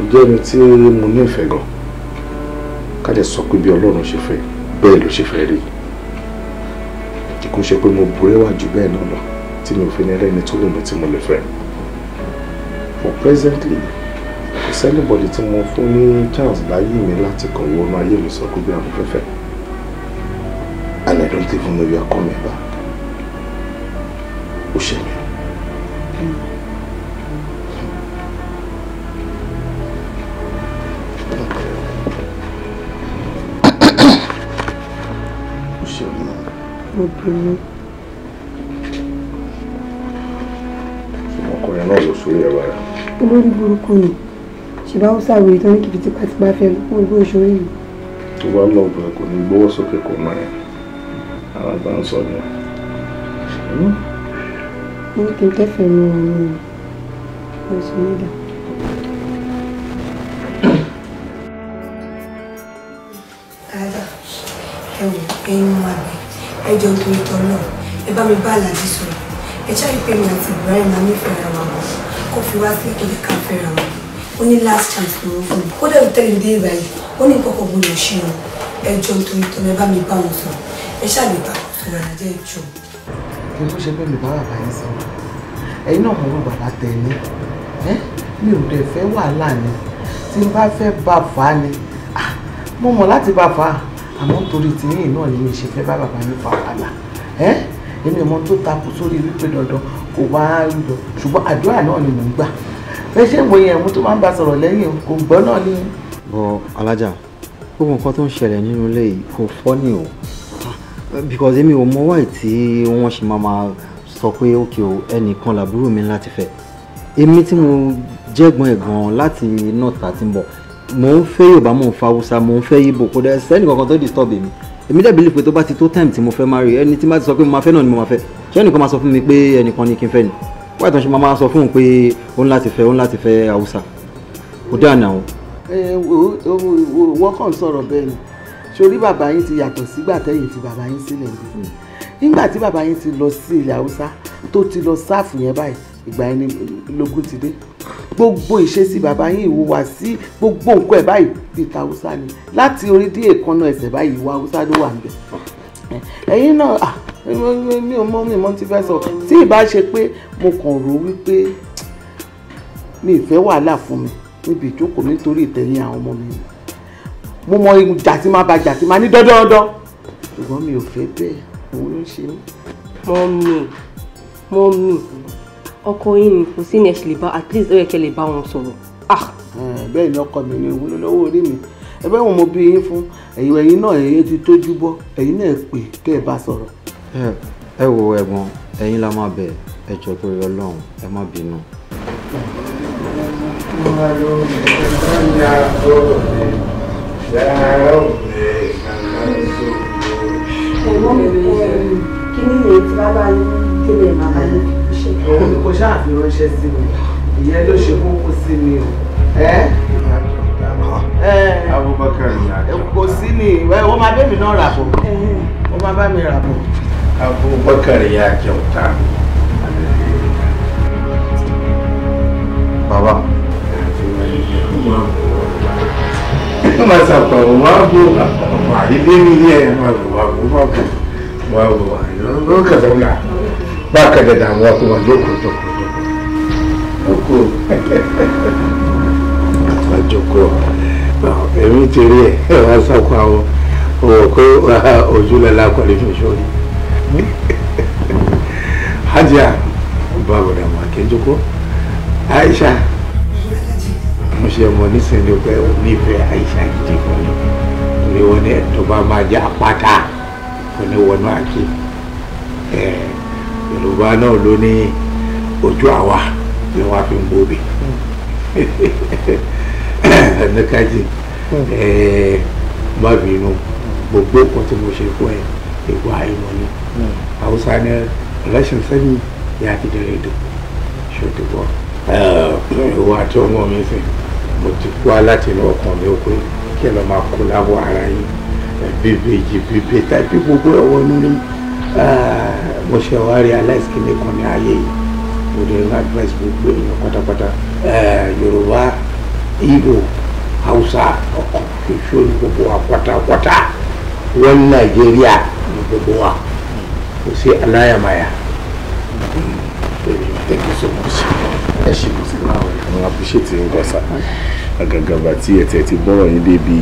ọjọ́ ẹni tí mo nífẹ̀ẹ́ gan ká lè sọ pé bí Ọlọ́run ṣe fẹ́ bẹ́ẹ̀ ló ṣe fẹ́ rí kò ṣe pé mo burẹ́wà jù bẹ́ẹ̀ náà lọ tí mi ò fi ní rẹ́ni tó lòmí tí mo lè fẹ́ for presently kò sẹ́nìbọ̀dì tí mo fún ní chance láyé mi láti kàn wọnú ayé mi sọ pé bí àwọn fẹ́fẹ́ and I don't even know you are coming back ó ṣe mi. Obìnrin. báwo ló sórí ẹ̀rọ ara. olórí burúkú ni ṣùgbọ́n haúsá wo ìtàn ní kìfìtì pàtìpá fẹ́ ló kún ogún ìṣòro mi. tó bá lọ bọ̀ kò ní gbọ́wọ́ sókè kò mọ̀ ẹ́ àwọn àgbà ń sọ nìyẹn. Hmm? mo ní kí n tẹ́fẹ̀ẹ́ mi ò ní ọ̀sùn nígbà. ẹwọ ẹyin máa bẹ ẹ jẹun torí tọ náà ẹ bá mi bá àlàjì sọ̀rọ̀ ẹ ṣáà rí pé mi àti Ibrahim máa nífẹ̀ẹ́ ó fi wá sí ìpínlẹ̀ kan o wọn last chance ló ń fún mi ó dẹ̀ tẹ́lẹ̀ dé ìgbà yìí ó ní nǹkan kan gbọdọ̀ ṣe wọn ẹjọ́ nítorí tó ẹ bá mi bá wọn sọ ẹ ṣàlè bá wọn sọ̀rọ̀ àjẹ́ ìjọ. kí ló ṣe bẹ́ẹ̀ mi bá bàbá yín sọ̀rọ̀ ẹ̀yin náà mọ̀ bàbá tẹ̀ ní mi ò dẹ̀ fẹ́ wàhálà ni tí n bá fẹ́ bá fà á ni mo mọ̀ láti bá fà á àmọ́ torí tìyìn náà ni mi ṣe fẹ́ bá bàbá yín fà wàhálà èmi ò tó takò sórí wípé dandan kò wá yọ ṣùgbọ́n àdúrà náà ni mò ń gbà ẹ ṣe wo yẹn mú tó máa ń bá sọ̀rọ̀ lẹ́yìn kò gbọ́ náà ni. bọ alájà gbogbo nǹkan tó ń ṣẹlẹ̀ nínú ilé yìí kò fọ́ ni o because èmi ò mọ wáì tí wọ́n ṣe máa máa sọ pé òkè o ẹnìkan làbúrò mi láti fẹ́ èmi tí mo jẹ́gbọ́n ẹ̀gbọ́n láti north àti bọ̀ mò ń fẹ́ yorùbá mò ń fa haúsá mò ń fẹ́ ibo kò dẹ̀ sẹ́nì kankan tó disturb mi èmi dẹ̀ believe pé tó bá ti tó time tí mo fẹ́ marry ẹni tí má ti sọ pé mo máa fẹ́ náà ni mo máa fẹ́ ṣé ẹnìkan máa sọ fún mi pé ẹnìkan ni kí n fẹ́ ni wáyé tó ń ṣe máa sọ fún un pé ó ń láti fẹ́ ó ń láti fẹ́ haúsá kò dáa ní àwọn. wọ́n kàn ń sọ̀rọ̀ bẹ́ẹ̀ ni sórí bàbá yín ti yàtọ̀ sígbà tẹ́yìn fi bàbá yín sílẹ̀ ni hmm. nígbà tí bàbá yín ti lọ sí ilẹ̀ haúsá tó ti lọ sáàfù yẹn báyìí ìgbà yẹn ni lógún ti dé gbogbo ìṣesí bàbá yín ìwúwa sí gbogbo nǹkan ẹ̀ báyìí bíi ta haúsá ni láti orí díẹ̀ kan náà ẹsẹ̀ báyìí ìwà haúsá ló wà níbẹ̀ ẹ̀yin náà mi ò mọ mi mọ ti fẹ́ sọ tí ìbá ṣe pé mo kàn rò wípé mi ì fẹ́ wàhálà fún mi níbi ìjókòó nítorí ìtẹ̀yìn àwọn ọmọ mi mo mọ ìjà tí máa ba jà tí máa ní dọ́dọ́dọ́ ṣùgbọ́n mi ò fẹ́ bẹ́ẹ̀ òun ló ṣe mí. mọ́mì mọ́mì ọkọ yín ni kò sí ní ẹ̀ṣin lè bá at least ó yẹ kẹ́ lè bá wọn sọ̀rọ̀. Ah! bẹ́ẹ̀ ni ọkọ mi ni òun lọ́wọ́ orí mi ẹgbẹ́ wọn mo bí yín fún ẹ̀yìn ẹ̀yìn náà ẹ̀yìn ti tójú bọ́ ẹ̀yìn náà pè kẹ́ ẹ bá sọ̀rọ̀ ẹ wo ẹ̀gbọ́n ẹ̀yin la máa bẹ̀ ẹ jọ pé Ọlọ́run ẹ má bínú. ẹ̀gbọ́n mi kí ni èyí tí bàbá yín délé màmá yín ṣe. òun kò ṣàfihàn ránṣẹ́ sí mi ìyẹn ló ṣe kókó sí mi o. Abubakar ni a. kò sí ni wọ́n máa bẹ́ẹ̀ mi náà rà bọ̀ wọ́n máa bá mi rà bọ̀ abubakar ya kyauta baba masa babu babu ba idai miliyan babu babu babu babu babu ka zauna ba ka da damuwa kuma joko joko joko joko èmi tèrè ẹ wọn sàkó àwọn la pé ojúlẹ̀ lákọ̀ọ́lẹ́fẹ̀ẹ́ sórí hajiya babu damuwa kin ji ko aisha mo ṣe mọ nísìnyí pé onífẹ̀ẹ́ aisha gidi kan ni torí wọn ní ẹ̀tọ́ bá máa jẹ́ àpáta oníwọnú àti yorùbá náà ló ní ojú àwa ni wọ́n fi ń gbòbí ẹnìkan jì má bínú gbogbo kan tí mo ṣe fún ẹ wayo wani hmm. hausa na rashin sani ya fi dare dubu ṣòtìpọ̀ eh, wato ọmọ eh, eh, mi sìn mo ti wá láti inú ọkàn mi pé kí ẹ lọ máa kó lábọ ara yín bíbèjì bíbè tàbí gbogbo ọwọ́ nínú mo ṣe wá realize kí ni ayé yìí mo dé ní advice gbogbo èèyàn pátápátá yorùbá igbo hausa ọkàn ìṣó ni gbogbo wa pátápátá yan najeriya gbogbo wa kò sí aláyàmáyà thank you so much ẹ ṣe kò sí tí ẹ tẹ̀ ti bọ́rọ̀ yín débi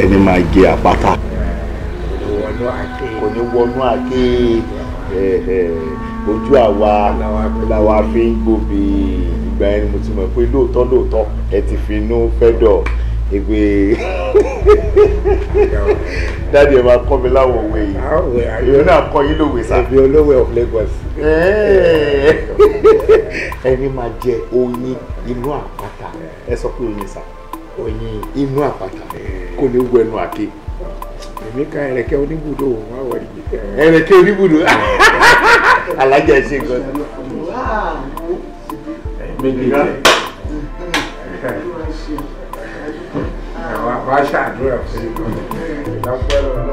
ẹni máa gé àpáta kò ní wọnú àké ojú àwa làwa fi ń gbòbí ìgbà ẹni mo ti mọ̀ pé lóòótọ́ lóòótọ́ ẹ ti fi fẹ́ dọ̀ ewé dáàdi ẹ máa kọ́ mi láwọn òwe yìí èèyàn náà kọ́ yín lòwe sá. èmi olówó of Lagos. ẹni máa jẹ oyin inú àpáta ẹ sọ pé oyin sá oyin inú àpáta kò ní wọ ẹnu àké. èmi ka ẹ̀rẹ̀kẹ́ oníbùdó òun wá wọ ibi. ẹ̀rẹ̀kẹ́ oníbùdó alájà ẹ ṣe nǹkan. méjì ká. embaixador, eu falei, não